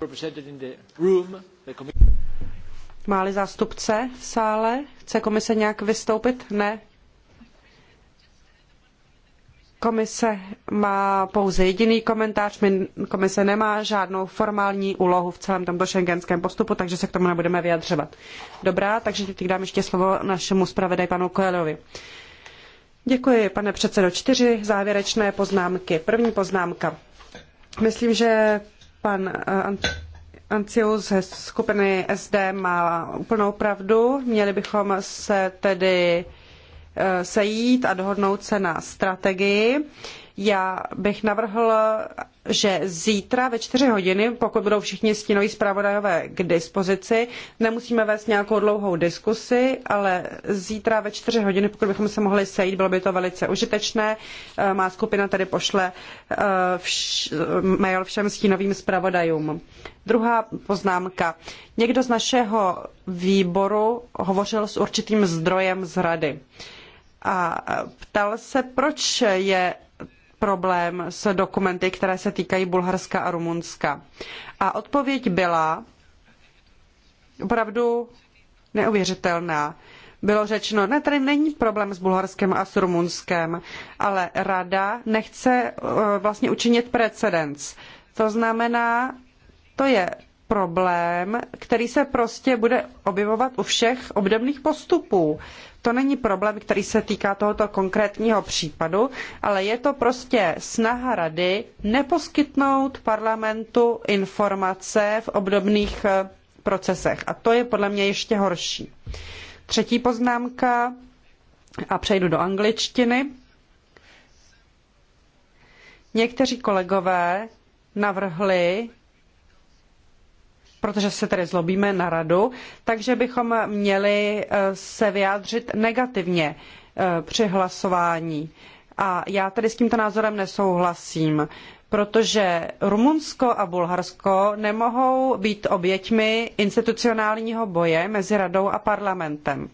Máli zástupce v sále? Chce komise nějak vystoupit? Ne? Komise má pouze jediný komentář. Komise nemá žádnou formální úlohu v celém tomto šengenském postupu, takže se k tomu nebudeme vyjadřovat. Dobrá, takže teď dám ještě slovo našemu zpravodaj panu Koelovi. Děkuji, pane předsedo. Čtyři závěrečné poznámky. První poznámka. Myslím, že pan eh, Ancius ze skupiny SD má úplnou pravdu. Měli bychom se tedy eh, sejít a dohodnout se na strategii. Já bych navrhl, že zítra ve čtyři hodiny, pokud budou všichni stínoví zpravodajové k dispozici, nemusíme vést nějakou dlouhou diskusi, ale zítra ve čtyři hodiny, pokud bychom se mohli sejít, bylo by to velice užitečné. Eh, má skupina tady pošle eh, vš- mail všem stínovým zpravodajům. Druhá poznámka. Někdo z našeho výboru hovořil s určitým zdrojem z rady a eh, ptal se, proč je problém s dokumenty, které se týkají Bulharska a Rumunska. A odpověď byla opravdu neuvěřitelná. Bylo řečeno, ne, tady není problém s Bulharskem a s Rumunskem, ale rada nechce eh, vlastně učinit precedens. To znamená, to je problém, který se prostě bude objevovat u všech obdobných postupů. To není problém, který se týká tohoto konkrétního případu, ale je to prostě snaha rady neposkytnout parlamentu informace v obdobných eh, procesech. A to je podle mě ještě horší. Třetí poznámka, a přejdu do angličtiny. Někteří kolegové navrhli protože se tedy zlobíme na radu, takže bychom měli eh, se vyjádřit negativně eh, při hlasování. A já tedy s tímto názorem nesouhlasím, protože Rumunsko a Bulharsko nemohou být oběťmi institucionálního boje mezi radou a parlamentem.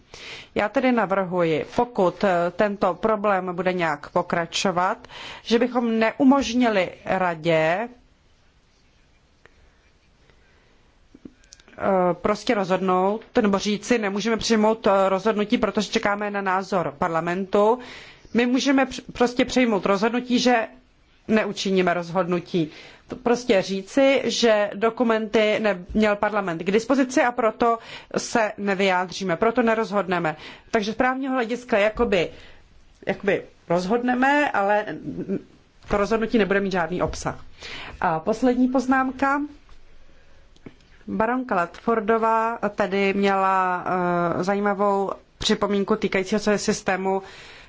Já tedy navrhuji, pokud eh, tento problém bude nějak pokračovat, že bychom neumožnili radě Eh, prostě rozhodnout nebo říci, nemůžeme přijmout eh, rozhodnutí, protože čekáme na názor parlamentu. My můžeme prostě přijmout rozhodnutí, že neučiníme rozhodnutí. Prostě říci, že dokumenty neměl parlament k dispozici a proto se nevyjádříme, proto nerozhodneme. Takže z právního hlediska jakoby, jakoby rozhodneme, ale to rozhodnutí nebude mít žádný obsah. A poslední poznámka. Baronka Latfordová tady měla eh, zajímavou připomínku týkající se systému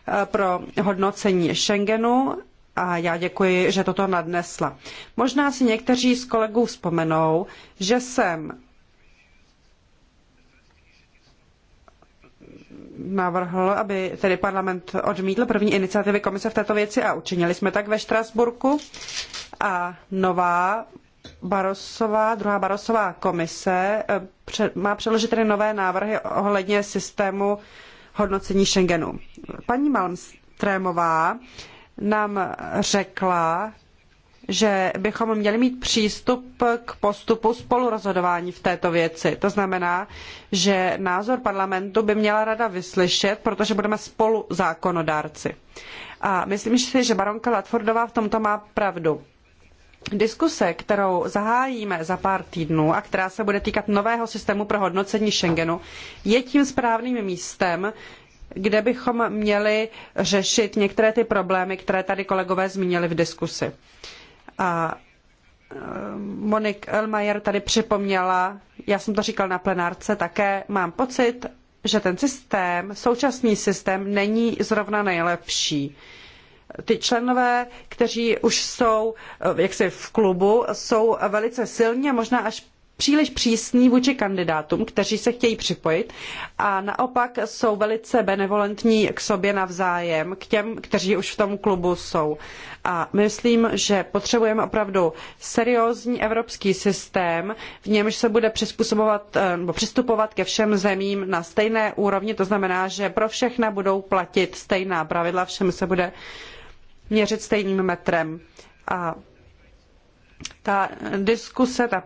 eh, pro hodnocení Schengenu a já děkuji, že toto nadnesla. Možná si někteří z kolegů vzpomenou, že jsem navrhl, aby tedy parlament odmítl první iniciativy komise v této věci a učinili jsme tak ve Štrasburku. A nová Barosová, druhá Barosová komise eh, má předložit tedy nové návrhy ohledně systému hodnocení Schengenu. Paní Malmstrémová nám řekla, že bychom měli mít přístup k postupu spolurozhodování v této věci. To znamená, že názor parlamentu by měla rada vyslyšet, protože budeme spolu zákonodárci. A myslím si, že baronka Latfordová v tomto má pravdu Diskuse, kterou zahájíme za pár týdnů a která se bude týkat nového systému pro hodnocení Schengenu, je tím správným místem, kde bychom měli řešit některé ty problémy, které tady kolegové zmínili v diskusi. A eh, Monik Elmayer tady připomněla, já jsem to říkal na plenárce také, mám pocit, že ten systém, současný systém není zrovna nejlepší ty členové, kteří už jsou eh, jaksi v klubu, jsou velice silní a možná až příliš přísní vůči kandidátům, kteří se chtějí připojit a naopak jsou velice benevolentní k sobě navzájem, k těm, kteří už v tom klubu jsou. A myslím, že potřebujeme opravdu seriózní evropský systém, v němž se bude přizpůsobovat eh, nebo přistupovat ke všem zemím na stejné úrovni, to znamená, že pro všechna budou platit stejná pravidla, všem se bude měřit stejným metrem. A ta diskuse, ta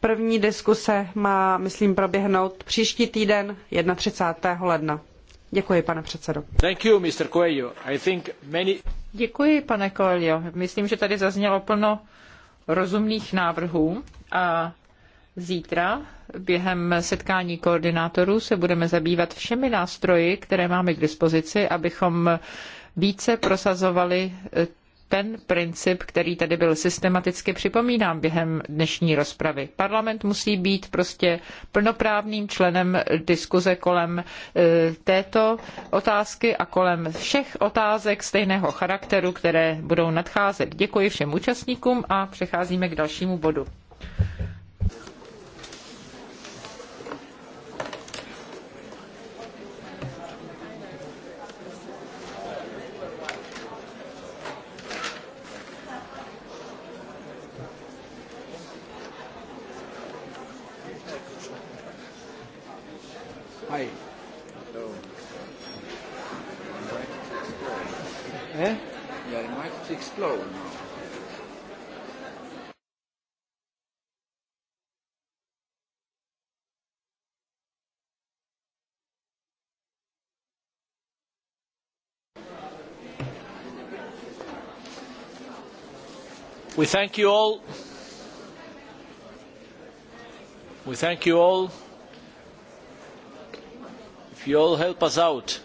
první diskuse má, myslím, proběhnout příští týden 31. ledna. Děkuji, pane předsedo. Thank you, Mr. Coelho. I think many... Děkuji, pane Coelho. Myslím, že tady zaznělo plno rozumných návrhů a zítra během setkání koordinátorů se budeme zabývat všemi nástroji, které máme k dispozici, abychom více prosazovali eh, ten princip, který tady byl systematicky připomínám během dnešní rozpravy. Parlament musí být prostě plnoprávným členem diskuze kolem eh, této otázky a kolem všech otázek stejného charakteru, které budou nadcházet. Děkuji všem účastníkům a přecházíme k dalšímu bodu. We thank you all. We thank you all. If you all help us out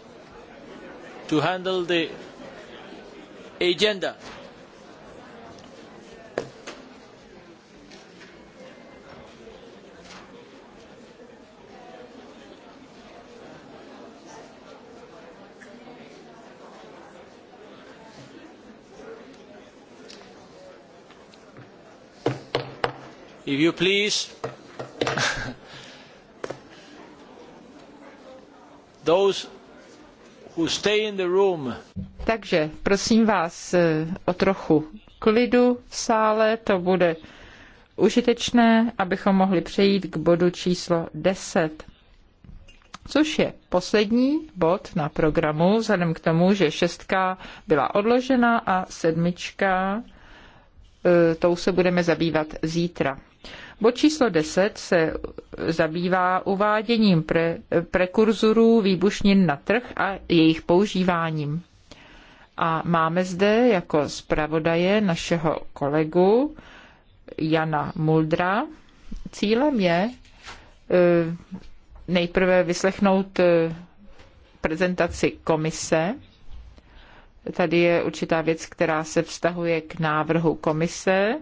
to handle the agenda. Takže prosím vás eh, o trochu klidu v sále, to bude užitečné, abychom mohli přejít k bodu číslo 10 což je poslední bod na programu, vzhledem k tomu, že šestka byla odložena a sedmička, eh, tou se budeme zabývat zítra. Bod číslo 10 se zabývá uváděním pre, prekurzorů výbušnin na trh a jejich používáním. A máme zde jako zpravodaje našeho kolegu Jana Muldra. Cílem je eh, nejprve vyslechnout eh, prezentaci komise. Tady je určitá věc, která se vztahuje k návrhu komise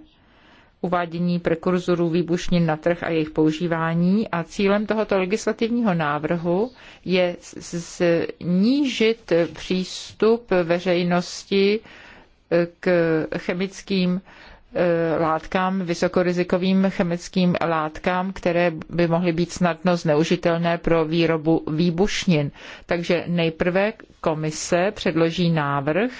uvádění prekurzorů výbušnin na trh a jejich používání. A cílem tohoto legislativního návrhu je snížit přístup veřejnosti e, k chemickým e, látkám, vysokorizikovým chemickým látkám, které by mohly být snadno zneužitelné pro výrobu výbušnin. Takže nejprve komise předloží návrh,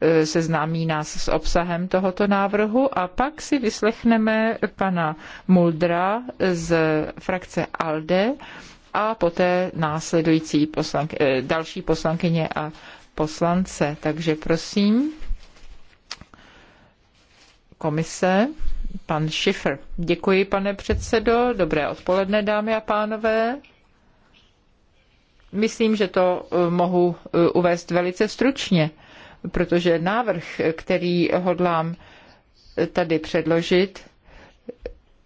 E, seznámí nás s obsahem tohoto návrhu a pak si vyslechneme pana Muldra z frakce ALDE a poté následující poslank, e, další poslankyně a poslance. Takže prosím, komise, pan Schiffer. Děkuji, pane předsedo. Dobré odpoledne, dámy a pánové. Myslím, že to e, mohu uvést velice stručně protože návrh, který hodlám tady předložit,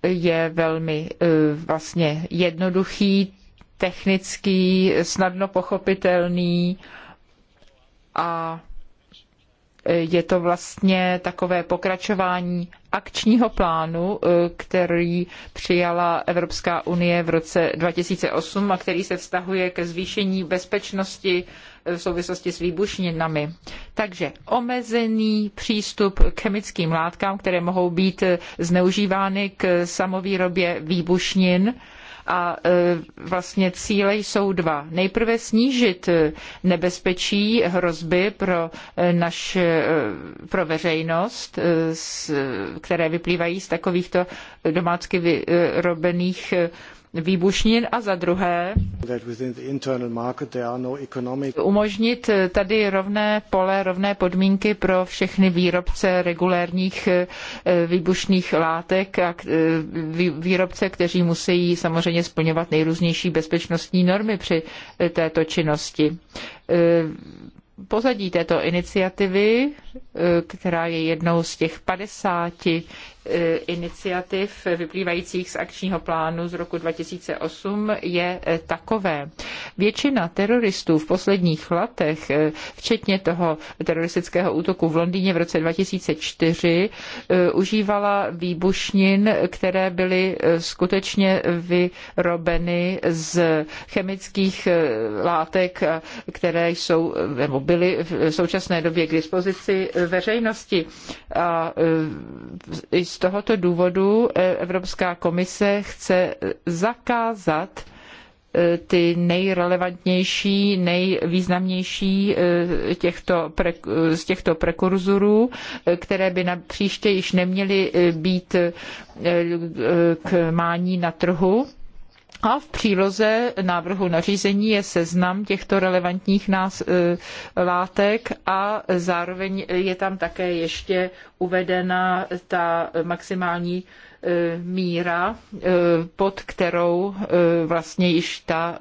je velmi e, vlastně jednoduchý, technický, snadno pochopitelný a je to vlastně takové pokračování akčního plánu, e, který přijala Evropská unie v roce 2008 a který se vztahuje ke zvýšení bezpečnosti v souvislosti s výbušninami. Takže omezený přístup k chemickým látkám, které mohou být eh, zneužívány k samovýrobě výbušnin, a eh, vlastně cíle jsou dva. Nejprve snížit eh, nebezpečí hrozby pro, naš, pro veřejnost, které vyplývají z takovýchto domácky vyrobených výbušnin a za druhé no umožnit eh, tady rovné pole, rovné podmínky pro všechny výrobce regulérních eh, výbušných látek a eh, výrobce, kteří musí samozřejmě splňovat nejrůznější bezpečnostní normy při této činnosti pozadí této iniciativy, která je jednou z těch 50 E, iniciativ vyplývajících z akčního plánu z roku 2008 je e, takové. Většina teroristů v posledních letech, e, včetně toho teroristického útoku v Londýně v roce 2004, užívala výbušnin, které byly skutečně vyrobeny z chemických látek, které jsou nebo byly v současné době k dispozici veřejnosti. A z tohoto důvodu eh, Evropská komise chce zakázat eh, ty nejrelevantnější, nejvýznamnější eh, těchto, z těchto prekurzorů, které by na příště již neměly být k mání na trhu a v příloze návrhu nařízení je seznam těchto relevantních nás, e, látek a zároveň je tam také ještě uvedena ta maximální E, míra, e, pod kterou e, vlastně již ta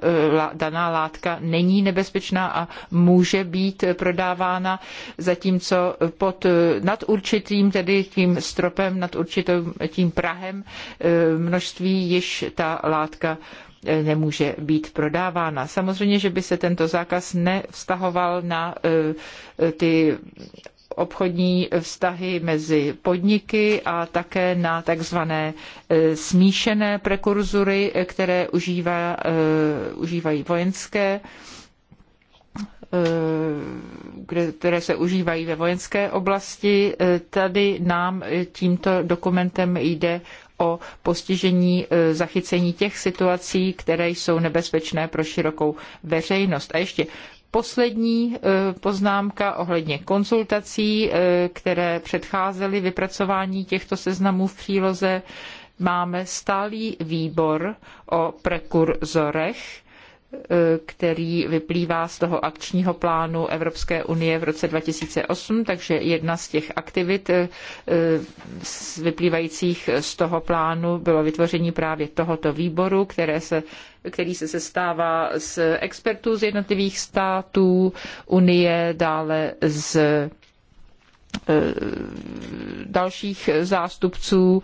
daná látka není nebezpečná a může být prodávána, zatímco pod, nad určitým, tedy tím stropem, nad určitým tím prahem množství již ta látka nemůže být prodávána. Samozřejmě, že by se tento zákaz nevztahoval na ty obchodní vztahy mezi podniky a také na takzvané e, smíšené prekurzory, které užívá, e, užívají vojenské e, které se užívají ve vojenské oblasti. Tady nám tímto dokumentem jde o postižení zachycení těch situací, které jsou nebezpečné pro širokou veřejnost. A ještě poslední eh, poznámka ohledně konzultací, eh, které předcházely vypracování těchto seznamů v příloze. Máme stálý výbor o prekurzorech, který vyplývá z toho akčního plánu Evropské unie v roce 2008, takže jedna z těch aktivit eh, vyplývajících z toho plánu bylo vytvoření právě tohoto výboru, které se který se sestává z expertů z jednotlivých států Unie, dále z eh, dalších zástupců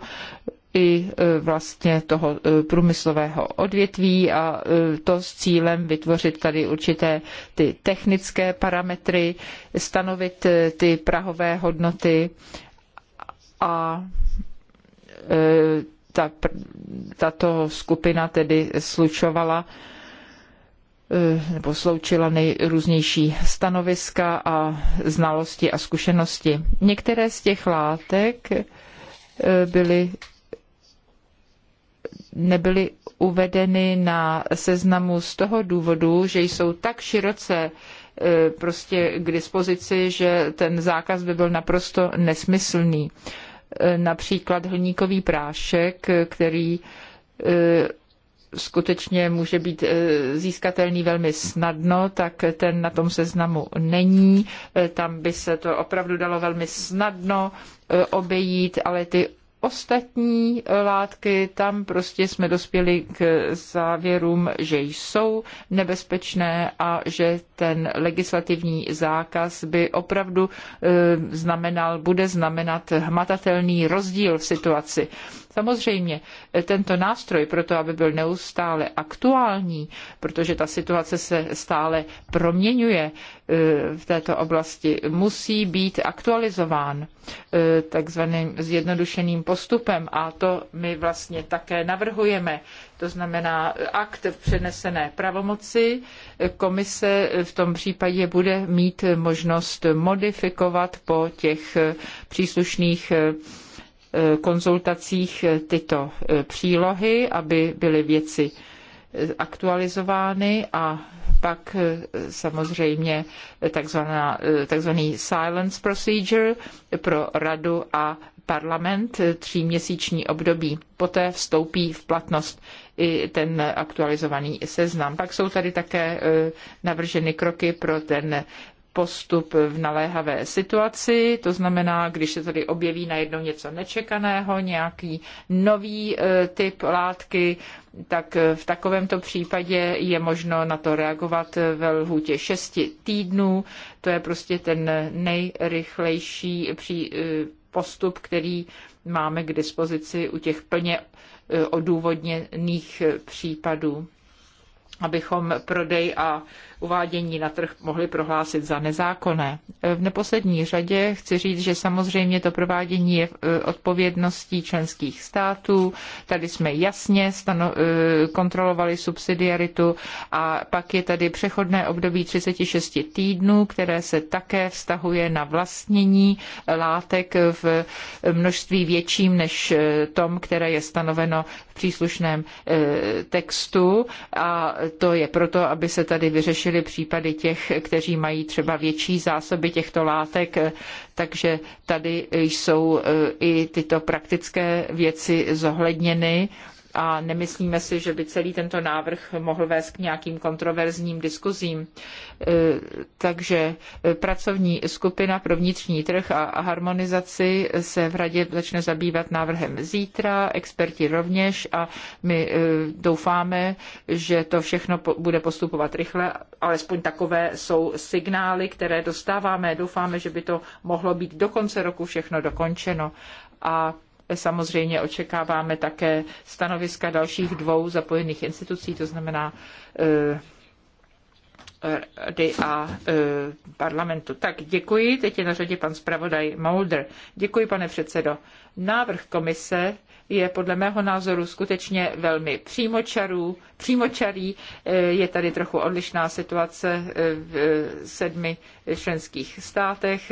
i e, vlastně toho e, průmyslového odvětví a e, to s cílem vytvořit tady určité ty technické parametry, stanovit ty prahové hodnoty a ta, tato skupina tedy slučovala nebo sloučila nejrůznější stanoviska a znalosti a zkušenosti. Některé z těch látek byly nebyly uvedeny na seznamu z toho důvodu, že jsou tak široce e, prostě k dispozici, že ten zákaz by byl naprosto nesmyslný. E, například hliníkový prášek, který e, skutečně může být získatelný velmi snadno, tak ten na tom seznamu není. Tam by se to opravdu dalo velmi snadno obejít, ale ty ostatní látky, tam prostě jsme dospěli k závěrům, že jsou nebezpečné a že ten legislativní zákaz by opravdu eh, znamenal, bude znamenat hmatatelný rozdíl v situaci. Samozřejmě eh, tento nástroj pro to, aby byl neustále aktuální, protože ta situace se stále proměňuje, Eh, v této oblasti musí být aktualizován eh, takzvaným zjednodušeným postupem a to my vlastně také navrhujeme. To znamená eh, akt v přenesené pravomoci. Komise v tom případě bude mít možnost modifikovat po těch příslušných konzultacích tyto přílohy, aby byly věci aktualizovány a pak eh, samozřejmě takzvaná, eh, takzvaný silence procedure pro radu a parlament eh, tříměsíční období. Poté vstoupí v platnost i ten aktualizovaný seznam. Pak jsou tady také navrženy kroky pro ten postup v naléhavé situaci, to znamená, když se tady objeví najednou něco nečekaného, nějaký nový e, typ látky, tak v takovémto případě je možno na to reagovat ve lhůtě 6 týdnů. To je prostě ten nejrychlejší e, postup, který máme k dispozici u těch plně e, odůvodněných případů abychom prodej a uvádění na trh mohli prohlásit za nezákonné. V neposlední řadě chci říct, že samozřejmě to provádění je e, odpovědností členských států. Tady jsme jasně stano- e, kontrolovali subsidiaritu a pak je tady přechodné období 36 týdnů, které se také vztahuje na vlastnění látek v množství větším než e, tom, které je stanoveno příslušném eh, textu a to je proto, aby se tady vyřešily případy těch, kteří mají třeba větší zásoby těchto látek, eh, takže tady jsou eh, i tyto praktické věci zohledněny a nemyslíme si, že by celý tento návrh mohl vést k nějakým kontroverzním diskuzím. E, takže pracovní skupina pro vnitřní trh a harmonizaci se v radě začne zabývat návrhem zítra, experti rovněž a my e, doufáme, že to všechno bude postupovat rychle, alespoň takové jsou signály, které dostáváme. Doufáme, že by to mohlo být do konce roku všechno dokončeno. A Samozřejmě očekáváme také stanoviska dalších dvou zapojených institucí, to znamená eh, Rady a eh, parlamentu. Tak děkuji. Teď je na řadě pan zpravodaj Mulder. Děkuji, pane předsedo. Návrh komise je podle mého názoru skutečně velmi přímočarů, přímočarý. Eh, je tady trochu odlišná situace eh, v eh, sedmi členských státech.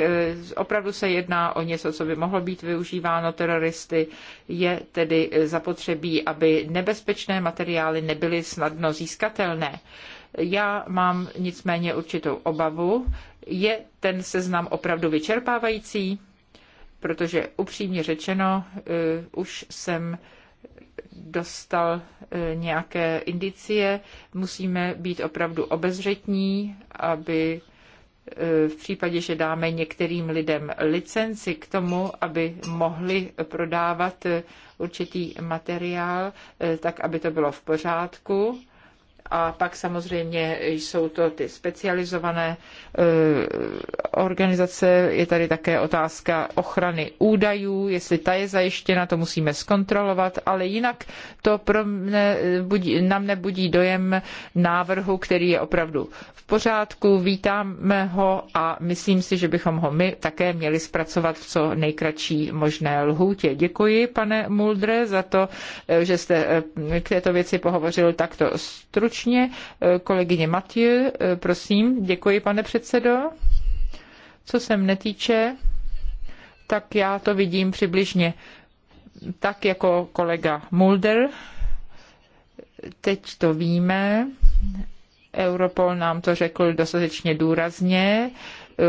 Opravdu se jedná o něco, co by mohlo být využíváno teroristy. Je tedy zapotřebí, aby nebezpečné materiály nebyly snadno získatelné. Já mám nicméně určitou obavu. Je ten seznam opravdu vyčerpávající? protože upřímně řečeno, eh, už jsem dostal eh, nějaké indicie. Musíme být opravdu obezřetní, aby eh, v případě, že dáme některým lidem licenci k tomu, aby mohli prodávat určitý materiál, tak aby to bylo v pořádku. A pak samozřejmě jsou to ty specializované eh, organizace. Je tady také otázka ochrany údajů, jestli ta je zajištěna, to musíme zkontrolovat, ale jinak to pro mne budí, nám nebudí dojem návrhu, který je opravdu v pořádku, vítáme ho a myslím si, že bychom ho my také měli zpracovat v co nejkratší možné lhůtě. Děkuji, pane Muldre, za to, eh, že jste eh, k této věci pohovořil takto stručně společně. Eh, kolegyně Matěj, eh, prosím, děkuji, pane předsedo. Co se mne týče, tak já to vidím přibližně tak jako kolega Mulder. Teď to víme. Europol nám to řekl dostatečně důrazně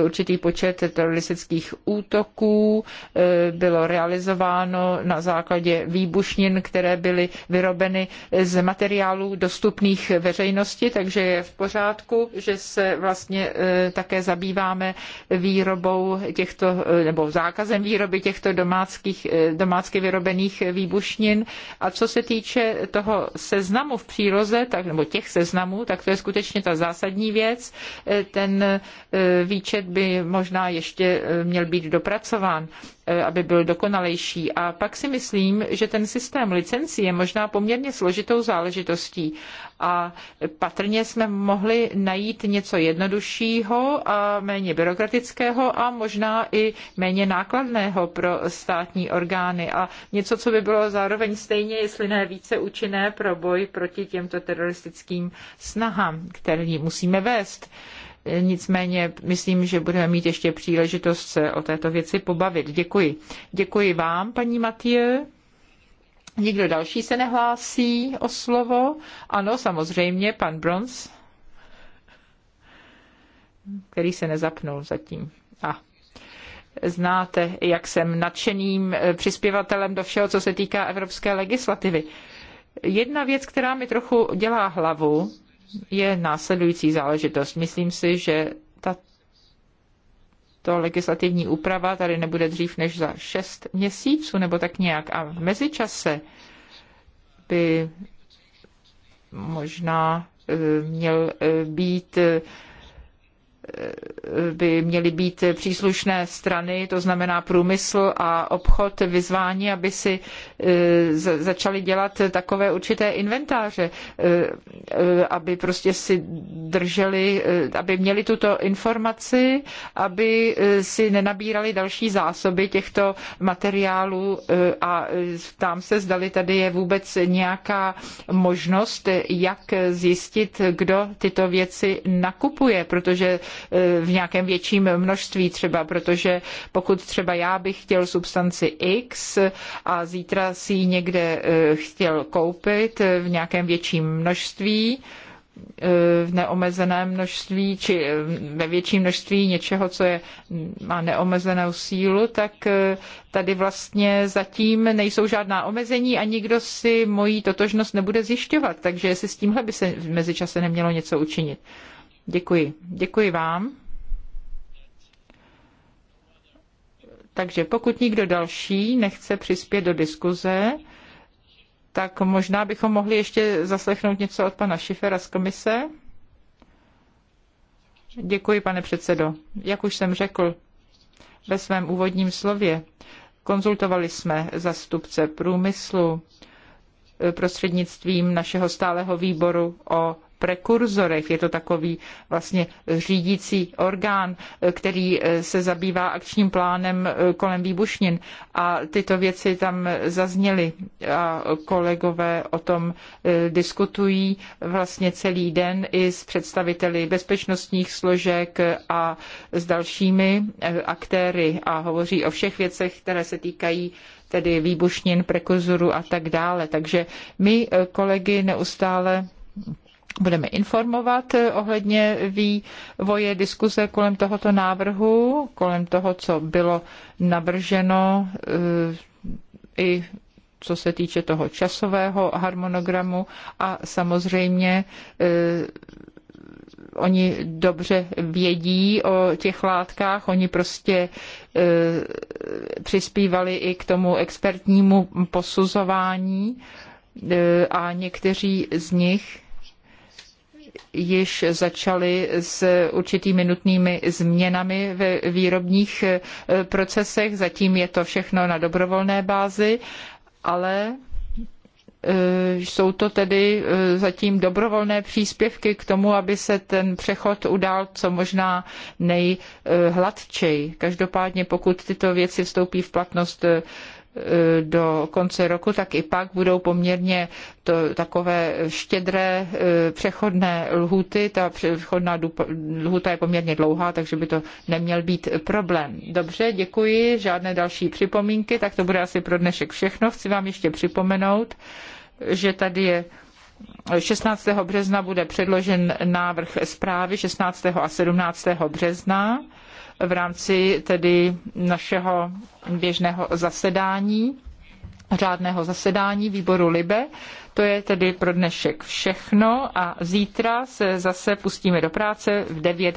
určitý počet teroristických útoků eh, bylo realizováno na základě výbušnin, které byly vyrobeny z materiálů dostupných veřejnosti, takže je v pořádku, že se vlastně eh, také zabýváme výrobou těchto, eh, nebo zákazem výroby těchto domáckých, domácky vyrobených výbušnin. A co se týče toho seznamu v příloze, tak, nebo těch seznamů, tak to je skutečně ta zásadní věc. Ten výčet rozpočet by možná ještě eh, měl být dopracován, eh, aby byl dokonalejší. A pak si myslím, že ten systém licencí je možná poměrně složitou záležitostí a patrně jsme mohli najít něco jednoduššího a méně byrokratického a možná i méně nákladného pro státní orgány a něco, co by bylo zároveň stejně, jestli ne více účinné pro boj proti těmto teroristickým snahám, které musíme vést. Nicméně myslím, že budeme mít ještě příležitost se o této věci pobavit. Děkuji. Děkuji vám, paní Matěje. Nikdo další se nehlásí o slovo? Ano, samozřejmě, pan Bronz, který se nezapnul zatím. A znáte, jak jsem nadšeným eh, přispěvatelem do všeho, co se týká evropské legislativy. Jedna věc, která mi trochu dělá hlavu, je následující záležitost. Myslím si, že ta to legislativní úprava tady nebude dřív než za šest měsíců nebo tak nějak. A v mezičase by možná eh, měl eh, být eh, by měly být příslušné strany, to znamená průmysl a obchod vyzvání, aby si e, začali dělat takové určité inventáře, e, e, aby prostě si drželi, aby měli tuto informaci, aby si nenabírali další zásoby těchto materiálů a tam se zdali tady je vůbec nějaká možnost, jak zjistit, kdo tyto věci nakupuje, protože E, v nějakém větším množství třeba, protože pokud třeba já bych chtěl substanci X a zítra si ji někde e, chtěl koupit e, v nějakém větším množství, v neomezeném množství či ve větším množství něčeho, co je, má neomezenou sílu, tak tady vlastně zatím nejsou žádná omezení a nikdo si moji totožnost nebude zjišťovat. Takže jestli s tímhle by se v mezičase nemělo něco učinit. Děkuji. Děkuji vám. Takže pokud nikdo další nechce přispět do diskuze, tak možná bychom mohli ještě zaslechnout něco od pana Šifera z komise. Děkuji, pane předsedo. Jak už jsem řekl ve svém úvodním slově, konzultovali jsme zastupce průmyslu e, prostřednictvím našeho stáleho výboru o prekurzorech. Je to takový vlastně řídící orgán, který eh, se zabývá akčním plánem eh, kolem výbušnin. A tyto věci tam zazněly a kolegové o tom eh, diskutují vlastně celý den i s představiteli bezpečnostních složek a s dalšími aktéry a hovoří o všech věcech, které se týkají tedy výbušnin, prekurzorů a tak dále. Takže my kolegy neustále budeme informovat eh, ohledně vývoje diskuze kolem tohoto návrhu, kolem toho, co bylo navrženo eh, i co se týče toho časového harmonogramu a samozřejmě eh, oni dobře vědí o těch látkách, oni prostě přispívali i k tomu expertnímu posuzování a někteří z nich již začaly s určitými nutnými změnami ve výrobních e, procesech. Zatím je to všechno na dobrovolné bázi, ale e, jsou to tedy e, zatím dobrovolné příspěvky k tomu, aby se ten přechod udál co možná nejhladčej. Každopádně, pokud tyto věci vstoupí v platnost E, do konce roku, tak i pak budou poměrně to, takové štědré e, přechodné lhuty. Ta přechodná lhuta je poměrně dlouhá, takže by to neměl být problém. Dobře, děkuji. Žádné další připomínky, tak to bude asi pro dnešek všechno. Chci vám ještě připomenout, že tady je 16. března bude předložen návrh zprávy 16. a 17. března v rámci tedy našeho běžného zasedání, řádného zasedání výboru LIBE. To je tedy pro dnešek všechno a zítra se zase pustíme do práce v 9 hodin.